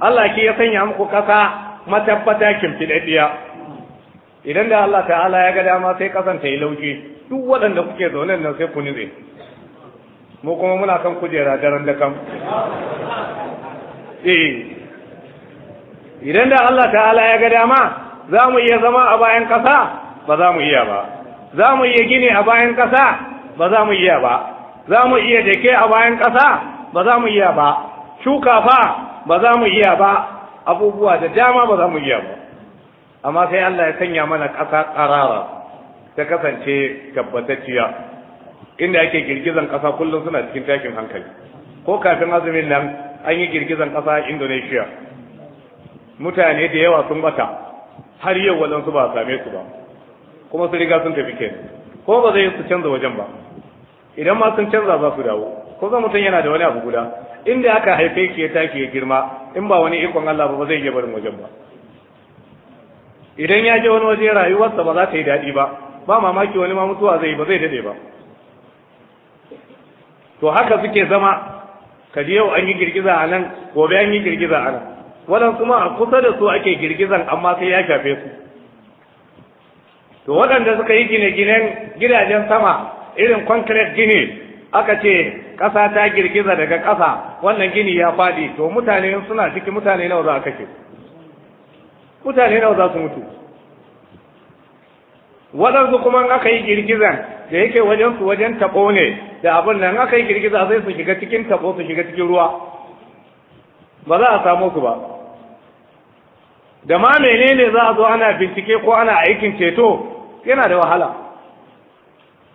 Allah ki ya sanya muku kasa matabbata ɗaɗiya idan da Allah ta'ala ya ga dama sai ƙasan ta yi lauki duk waɗanda kuke zaune nan sai ku nitse mu kuma muna kan kujera daren da kam eh. idan da Allah ta'ala ya ga dama za mu iya zama a bayan ƙasa, ba za mu iya ba za mu iya gini a bayan ƙasa. ba za mu iya ba za mu iya dake a bayan ƙasa ba za mu iya ba shuka fa ba za mu iya ba abubuwa da dama ba za mu iya ba amma sai Allah ya sanya mana ƙasa ƙarara ta kasance tabbatacciya inda ake girgizan ƙasa kullum suna cikin takin hankali ko kafin azumin nan an yi girgizan ƙasa a Indonesia mutane da yawa sun bata har yau su ba same su ba kuma su riga sun tafi kenan ko ba zai su canza wajen ba idan ma sun canza za su dawo ko za mutum yana da wani abu guda inda aka haife ki ya take ya girma in ba wani ikon Allah ba zai iya barin wajen ba idan ya je wani waje rayuwarsa ba za ta yi daɗi ba ba mamaki wani ma mutuwa zai ba zai dade ba to haka suke zama kaji yau an yi girgiza a nan gobe an yi girgiza a nan waɗansu ma a kusa da su ake girgizan amma sai ya shafe su to waɗanda suka yi gine-ginen gidajen sama irin concrete gini aka ce ƙasa ta girgiza daga ƙasa wannan gini ya faɗi to mutane suna ciki mutane nawa za a kashe mutane nawa za su mutu waɗansu kuma aka yi girgizan da yake wajen su wajen taɓo ne da abin nan aka yi girgiza sai su shiga cikin taɓo su shiga cikin ruwa ba za a samu su ba da ma menene za a zo ana bincike ko ana aikin ceto yana da wahala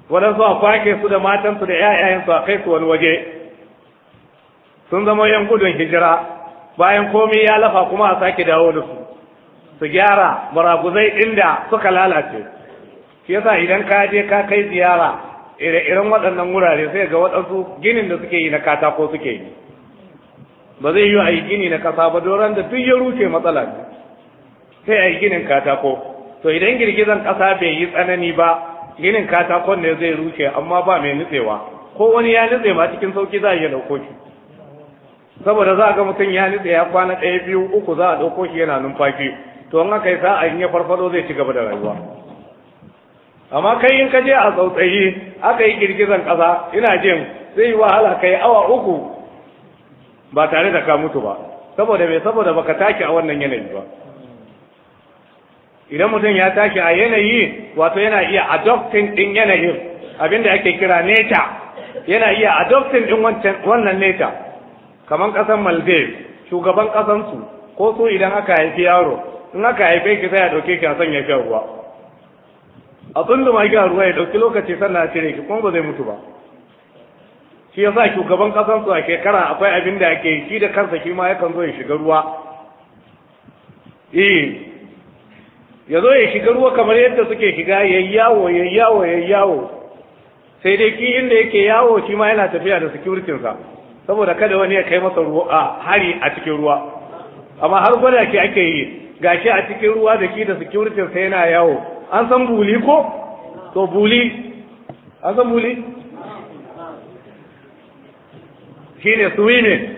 waɗansu a kwake su da matansu da 'ya'yayensu a kai su wani waje sun zama yan gudun hijira bayan komai ya lafa kuma a sake dawo da su su gyara maraguzai inda suka lalace shi yasa idan ka je ka kai ziyara ire-iren waɗannan wurare sai ga waɗansu ginin da suke yi na katako suke yi ba zai yi a yi gini na kasa ba doron da duk ya ruce matsala sai a yi ginin katako to idan girgizan kasa bai yi tsanani ba ginin katakon ne zai ruke amma ba mai nutsewa ko wani ya nutse ma cikin sauki za a iya ɗauko shi saboda za a ga mutum ya nutse ya kwana ɗaya biyu uku za a ɗauko shi yana numfashi to in aka yi sa'a in ya farfado zai ci gaba da rayuwa amma kai in ka je a tsautsayi aka yi girgizan ƙasa ina jin zai yi wahala kai awa uku ba tare da ka mutu ba saboda me saboda baka take a wannan yanayi ba idan mutum ya tashi a yanayi wato yana iya adoptin din yanayin abinda ake kira neta yana iya adoptin din wannan neta kamar kasan maldives shugaban kasansu ko su idan aka haifi yaro in aka haife ki sai a dauke ki a sanya ki ruwa a tsunduma ga ruwa ya dauki lokaci sannan a cire ki kuma ba zai mutu ba shi yasa shugaban kasansu a shekara akwai abin da ake yi da kansa shi ma yakan zo ya shiga ruwa eh ya zo ya shiga ruwa kamar yadda suke shiga ya yawo ya yawo ya yawo sai dai ki inda yake yawo shi ma yana tafiya da sa saboda kada wani ya kai masa ruwa hari a cikin ruwa amma har gwada ki ake yi gashi a cikin ruwa da ki da sa yana yawo an san buli ko to buli an san buli shi ne swimming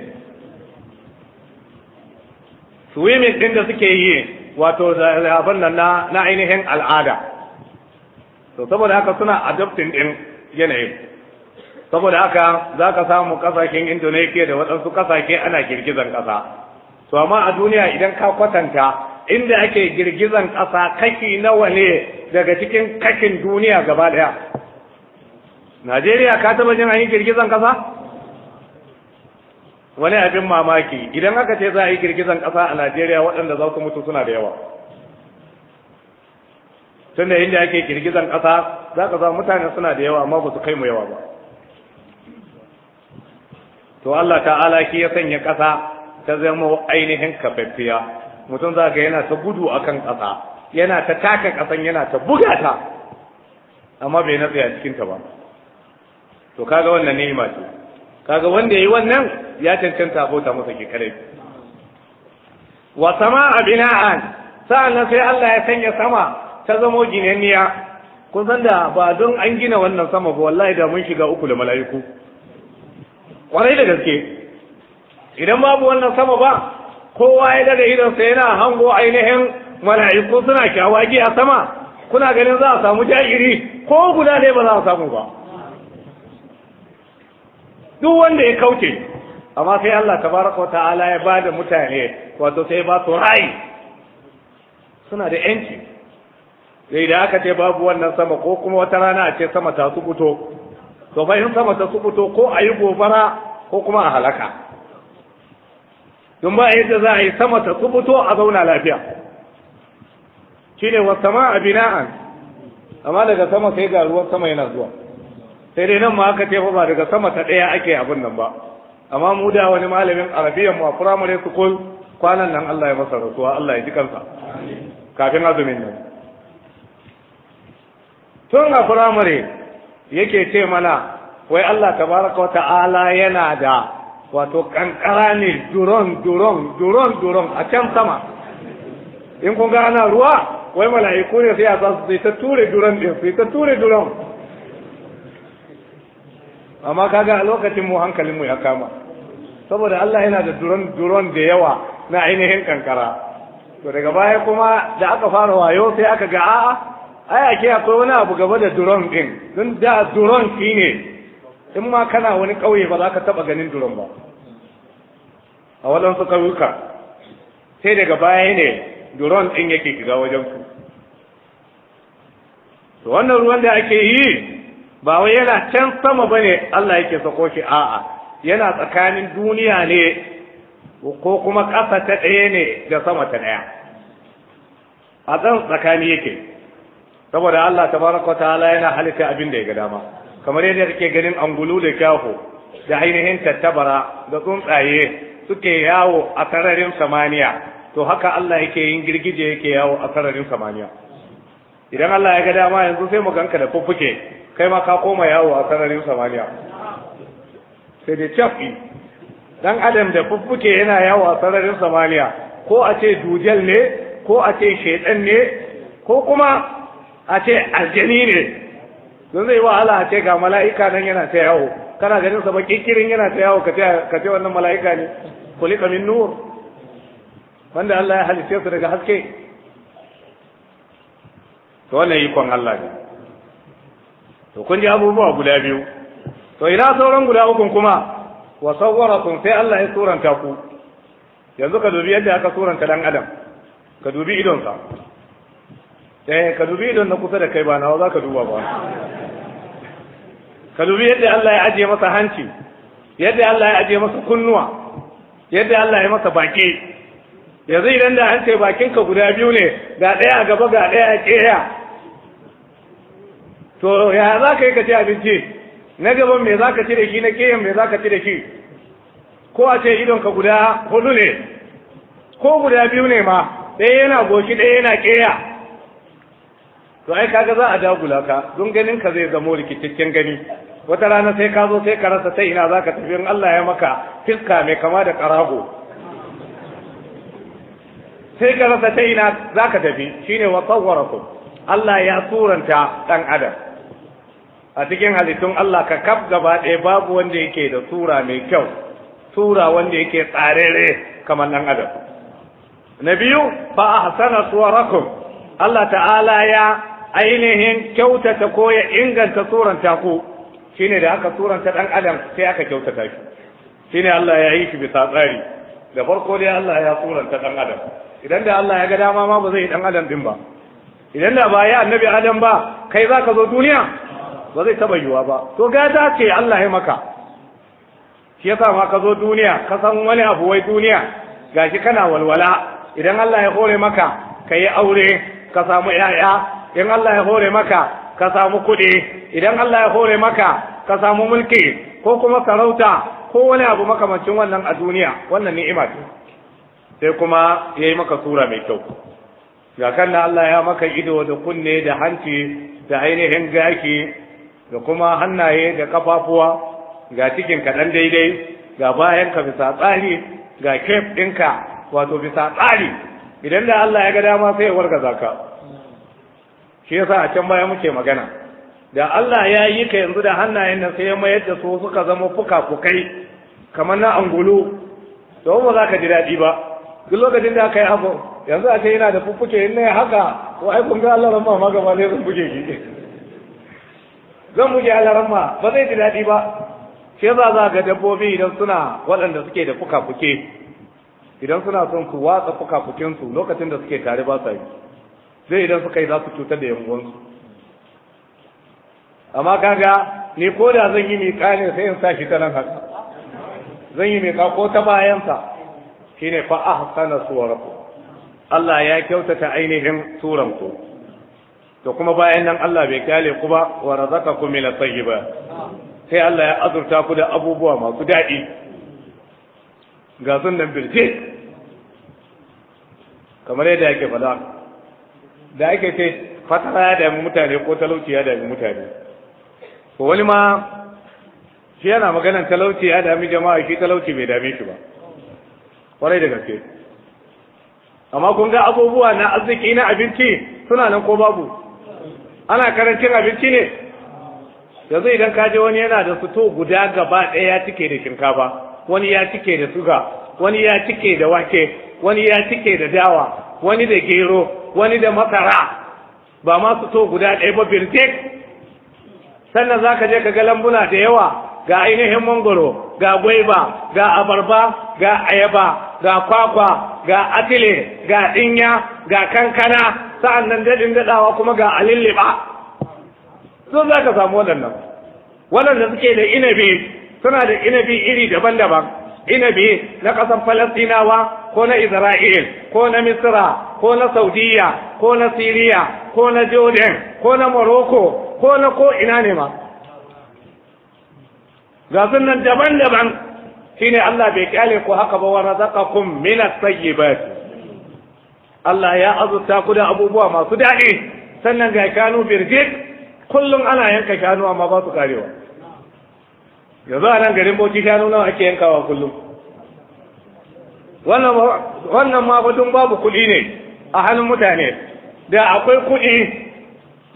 swimming ɗin da suke yi wato abin nan na ainihin al'ada to saboda haka suna adoptin din yanayin saboda haka za ka samu kasashen indonesia da waɗansu kasashe ana girgizan ƙasa to amma a duniya idan ka kwatanta inda ake girgizan ƙasa kashi nawa ne daga cikin kashin duniya gaba ɗaya najeriya ka taɓa jin an yi girgizan ƙasa wani abin mamaki idan aka ce za a yi girgizan ƙasa a najeriya waɗanda za su mutu suna da yawa tunda inda ake girgizan kasa za ka zama mutane suna da yawa amma ba su kai mu yawa ba to allah ta'ala ki ya sanya ƙasa ta zama ainihin kafaffiya mutum za ka yana ta gudu a kan ƙasa yana ta taka ƙasan yana ta buga ta amma bai na tsaya cikinta ba to kaga wannan ne ce kaga wanda yayi wannan ya cancanta bauta masa ke kare wa sama abina'an sa'annan sai Allah ya sanya sama ta zamo ginanniya kun san da ba don an gina wannan sama ba wallahi da mun shiga uku da mala'iku kwarai da gaske idan babu wannan sama ba kowa ya daga idonsa yana hango ainihin mala'iku suna kyawagi a sama kuna ganin za a samu jahiri ko guda ne ba za a samu ba duk wanda ya kauce amma sai Allah tabaraka ta'ala ya ba da mutane wato sai ba su rai suna da yanci sai da aka ce babu wannan sama ko kuma wata rana a ce sama ta subuto to bai sama ta subuto ko a yi gobara ko kuma a halaka don ba yadda za a yi sama ta subuto a zauna lafiya shine wasama a bina'an amma daga sama sai ga ruwan sama yana zuwa sai dai nan ma aka ce ba daga sama ta ɗaya ake abin nan ba amma mu da wani malamin arabiyan mu a firamare school kwanan nan Allah ya masa rasuwa Allah ya ji kansa kafin azumin nan tun a firamare yake ce mana wai Allah tabaraka ta'ala yana da wato kankara ne duron duron duron duron a can sama in kun ga ana ruwa wai mala'iku ne sai a sa su ta ture duron din su ta ture duron amma kaga a lokacin mu hankalin mu ya kama saboda Allah yana da duron duron da yawa na ainihin kankara to daga baya kuma da aka fara wayo sai aka ga a'a ai ake akwai wani abu gaba da duron din don da duron shine in ma kana wani kauye ba za ka taba ganin duron ba a waɗansu ƙauyuka sai daga baya ne duron ɗin yake shiga wajen to wannan ruwan da ake yi ba wai yana can sama bane Allah yake sako shi a'a yana tsakanin duniya ne ko kuma ƙasa ta ɗaya ne da sama ta ɗaya a tsan tsakani yake saboda Allah tabaraka ta'ala yana halitta abin da ya ga dama kamar yadda kake ganin angulu da kyahu da ainihin tattabara da tsuntsaye suke yawo a sararin samaniya to haka Allah yake yin girgije yake yawo a sararin samaniya idan Allah ya ga dama yanzu sai mu ganka da fuffuke kai ma ka koma yawo a sararin samaniya sai dai cafi dan adam da fuffuke yana yawo a sararin samaniya ko a ce dujal ne ko a ce shaidan ne ko kuma a ce aljani ne don zai wahala a ce ga mala'ika nan yana ta yawo kana ganin sa baki yana ta yawo ka ce wannan mala'ika ne kulika min nur wanda Allah ya halice su daga haske to wannan ikon Allah ne to kun ji abubuwa guda biyu to ina sauran guda ukun kuma wa sawwarakum sai Allah ya suranta ku yanzu ka dubi yadda aka suranta dan adam ka dubi idonsa eh ka dubi idon na kusa da kai ba nawa za ka duba ba ka dubi yadda Allah ya ajiye masa hanci yadda Allah ya ajiye masa kunnuwa yadda Allah ya masa baki yanzu idan da an ce ka guda biyu ne ga daya a gaba ga daya a ƙeya to ya za ka yi ka ci abinci na gaban me za ka ci da shi na ƙeyan me za ka ci da shi ko a ce idonka guda hudu ne ko guda biyu ne ma ɗaya yana goshi ɗaya yana ƙeya to ai kaga za a dagula ka don ganin ka zai zamo rikitaccen gani wata rana sai ka zo sai ka rasa sai ina za ka tafi in Allah ya maka fiska mai kama da karago sai ka rasa sai ina za ka tafi shine wa tsawwarakum Allah ya suranta ɗan adam a cikin halittun Allah ka kaf gaba ɗaya babu wanda yake da sura mai kyau sura wanda yake tsarere kamar ɗan adam na biyu a hasana tsorakun Allah ta'ala ya ainihin kyautata ko ya inganta suran taku ne da aka suranta ɗan adam sai aka kyautata shi ne Allah ya yi shi bisa tsari da farko dai Allah ya suranta ɗan adam idan da Allah ya ga dama ma ba zai yi ɗan adam ɗin ba idan da ba ya annabi adam ba kai za ka zo duniya ba zai taba yiwa ba to gata ce Allah ya maka shi yasa ma ka zo duniya ka san wani abu wai duniya gashi kana walwala idan Allah ya hore maka ka yi aure ka samu 'ya'ya idan Allah ya hore maka ka samu kuɗi idan Allah ya hore maka ka samu mulki ko kuma sarauta ko wani abu makamancin wannan a duniya wannan ni'ima ce sai kuma ya yi maka sura mai kyau ga kan Allah ya maka ido da kunne da hanci da ainihin gaki da kuma hannaye da kafafuwa ga cikin ka daidai ga bayan ka bisa tsari ga kef ɗinka wato bisa tsari idan da Allah ya ga dama sai ya wargaza ka shi yasa a can baya muke magana da Allah ya yi ka yanzu da hannayen nan sai ya mayar da su suka zama fuka fukai kamar na angulu to ba za ka ji daɗi ba duk lokacin da aka yi abu yanzu a ce yana da fuffuke in ne haka ko ai kun ga Allah ran ma gaba ne zan buge shi zan buge ma ba zai ji daɗi ba shi yasa za ga dabbobi idan suna waɗanda suke da fuka-fuke idan suna son su watsa fuka-fukensu lokacin da suke tare ba sa yi zai idan suka yi za su cutar da yanguwansu amma kaga ni ko da zan yi miƙa ne sai in sa shi ta nan haka zan yi miƙa ko ta bayansa shine fa ahsana suwarku Allah ya kyautata ainihin suranku to kuma bayan nan Allah bai kyale ku ba wa razaqakum min at-tayyiba sai Allah ya azurta ku da abubuwa masu daɗi ga nan birje kamar yadda yake fada da ake ce fatara ya dami mutane ko talauci ya dami mutane to wani ma shi yana maganan talauci ya dami jama'a shi talauci bai dame shi ba kwarai da gaske amma kun ga abubuwa na arziki na abinci suna nan ko babu ana karancin abinci ne yanzu idan kaje wani yana da fito guda gaba ɗaya ya cike da shinkafa wani ya cike da suga wani ya cike da wake wani ya cike da dawa wani da gero wani da masara ba ma to guda ɗaya ba birtek sannan za ka je ka ga lambuna da yawa ga ainihin mangoro ga gwaiba ga abarba ga ayaba ga kwakwa ga atile ga ɗinya ga kankana sa'an nan daɗin daɗawa kuma ga alilliba So za ka samu waɗannan waɗanda suke da inabi suna da inabi iri daban-daban inabi na ƙasar falastinawa ko na isra'il ko na misira ko na saudiya ko na siriya ko na jordan ko na morocco ko na ko ina ne ma ga sunan daban-daban shine allah bai kyale ku haka ba wa razaqakum min at-tayyibati Allah ya azurta ku da abubuwa masu daɗi sannan ga shanu birjik kullum ana yanka shanu amma ba su karewa yanzu a nan garin bauchi shanu nawa ake yankawa kullum wannan ma batun babu kuɗi ne a hannun mutane da akwai kuɗi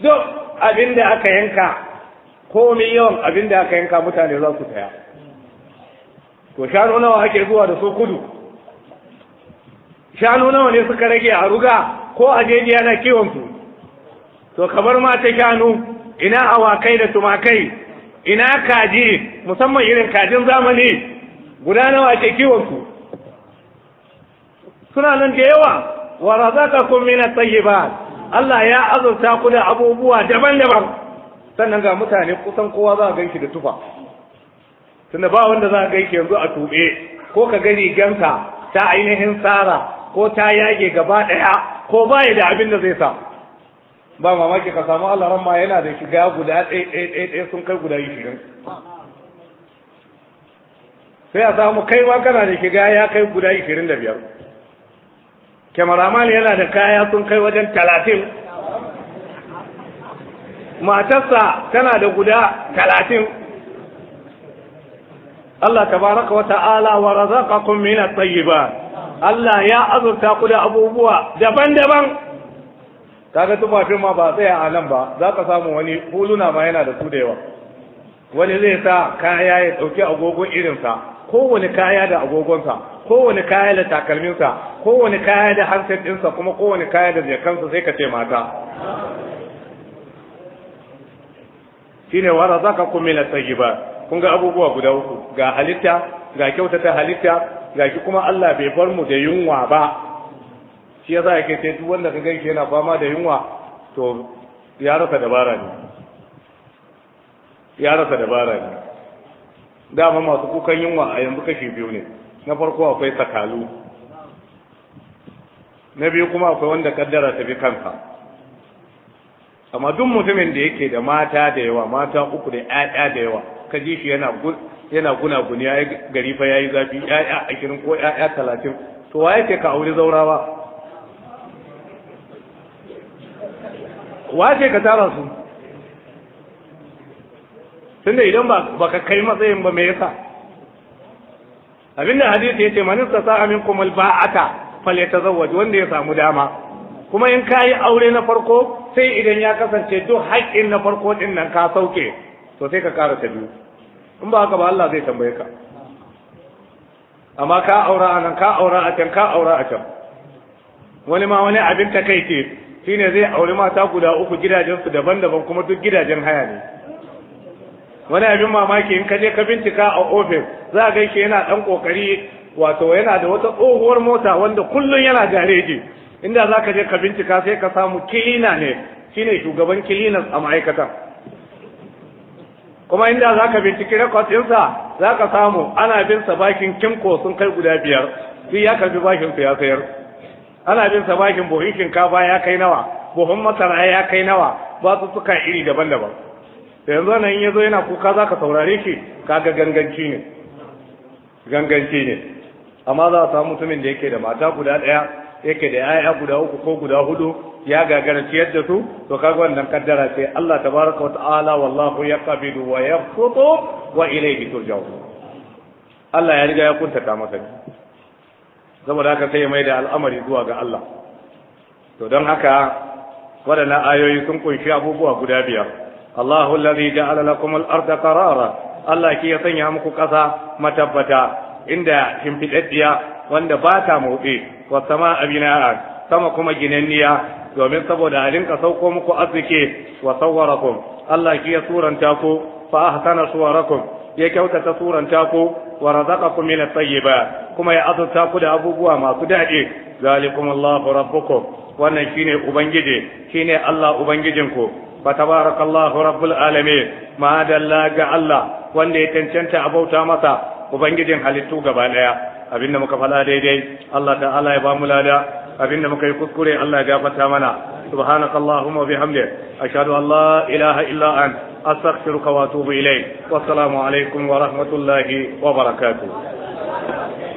duk abin da aka yanka komai yawan abin da aka yanka mutane za su saya to shanu nawa ake zuwa da su kudu shanu nawa ne suka rage a ruga ko a jeji yana kiwon su to kamar ma ta shanu ina awakai da tumakai ina kaji musamman irin kajin zamani guda nawa ke kiwon su suna nan da yawa wa razaqakum min at-tayyibat Allah ya azurta ku da abubuwa daban-daban sannan ga mutane kusan kowa za a ganki da tufa tunda ba wanda za a ganki yanzu a tube ko ka gani ganka ta ainihin tsara ko ta yage gaba daya ko ba da abin da zai sa ba mamaki ka samu Allah ran ma yana da shiga guda ɗaya sun kai guda ishirin sai a samu kai ma kana da shiga ya kai guda ishirin da biyar kyamaramal yana da kaya sun kai wajen talatin matarsa tana da guda talatin Allah tabaraka wa ta'ala wa razaqakum min at-tayyibat Allah ya azurta ku da abubuwa daban-daban kaga tufafin ma ba tsaya a nan ba za ka samu wani huluna ma yana da su da yawa wani zai sa kaya ya ɗauki agogon irinsa kowane kaya da agogonsa kowane kaya da takalminsa kowane kaya da handset ɗinsa kuma kowane kaya da jakansa sai ka ce mata shine wara zaka kumila kun ga abubuwa guda uku ga halitta ga kyautata halitta gashi kuma Allah bai bar mu da yunwa ba shi yasa yake sai duk wanda ka ganke yana fama da yunwa to ya rasa dabara ne ya rasa dabara ne dama masu kukan yunwa a yanzu kashi biyu ne na farko akwai sakalu na biyu kuma akwai wanda kaddara ta bi kansa amma duk mutumin da yake da mata da yawa mata uku da 'ya'ya da yawa ka ji shi yana yana gunaguni ya gari fa yi zafi ya'ya kirin ko ya'ya talatin to waye ke ka aure zaurawa ke ka tara su tunda idan ba ka kai matsayin ba me yasa abinda hadisi yace man istata ta alba'ata falyatazawwaj wanda ya samu dama kuma in yi aure na farko sai idan ya kasance duk haƙƙin na farko din nan ka sauke to sai ka ƙara ta biyu in ba haka ba Allah zai tambaye ka amma ka aura anan ka aura a can ka aura a can wani ma wani abin ta kai ce shine zai auri mata guda uku gidajensu daban-daban kuma duk gidajen haya ne wani abin mamaki in ka je ka bincika a ofis za a gaishe yana dan kokari wato yana da wata tsohuwar mota wanda kullum yana gareji inda za ka je ka bincika sai ka samu kilina ne shine shugaban kilinas a ma'aikatan kuma inda za ka binciki rekodinsa za ka samu ana bin sa bakin kimko sun kai guda biyar sai ya karbi bakin su ya sayar ana bin sa bakin buhun shinkafa ya kai nawa buhun masara ya kai nawa ba su suka iri daban-daban da yanzu nan in ya zo yana kuka za ka saurare shi kaga ganganci ne ganganci ne amma za a samu mutumin da yake da mata guda ɗaya yake da 'ya'ya guda uku ko guda hudu ya gagara ciyar da su to kaga wannan kaddara ce Allah tabaraka wa ta'ala wallahu yaqbidu wa yabsutu wa ilayhi turja'u Allah ya riga ya kuntata masa saboda haka sai ya maida al'amari zuwa ga Allah to don haka waɗannan ayoyi sun kunshi abubuwa guda biyar Allahu allazi ja'ala lakum al-ardha qarara Allah ki ya sanya muku ƙasa matabbata inda shimfiɗaɗɗiya wanda ba ta motsi wa sama bina'an sama kuma ginanniya domin saboda a rinka sauko muku arziki wa sawwarakum Allah ki ya suranta ku fa ahsana suwarakum ya kyautata suranta ku wa razaqakum min at-tayyiba kuma ya azurta ku da abubuwa masu daɗi zalikum Allahu rabbukum wannan shine ubangiji shine Allah ubangijinku fa tabarakallahu rabbul alamin ma dalla ga Allah wanda ya cancanta abauta masa ubangijin halittu gaba daya abinda muka faɗa daidai Allah ta'ala ya ba mu lada أبن مكي كذكري أن لا جافة منا سبحانك اللهم وبحمدك أشهد أن لا إله إلا أنت أستغفرك وأتوب إليك والسلام عليكم ورحمة الله وبركاته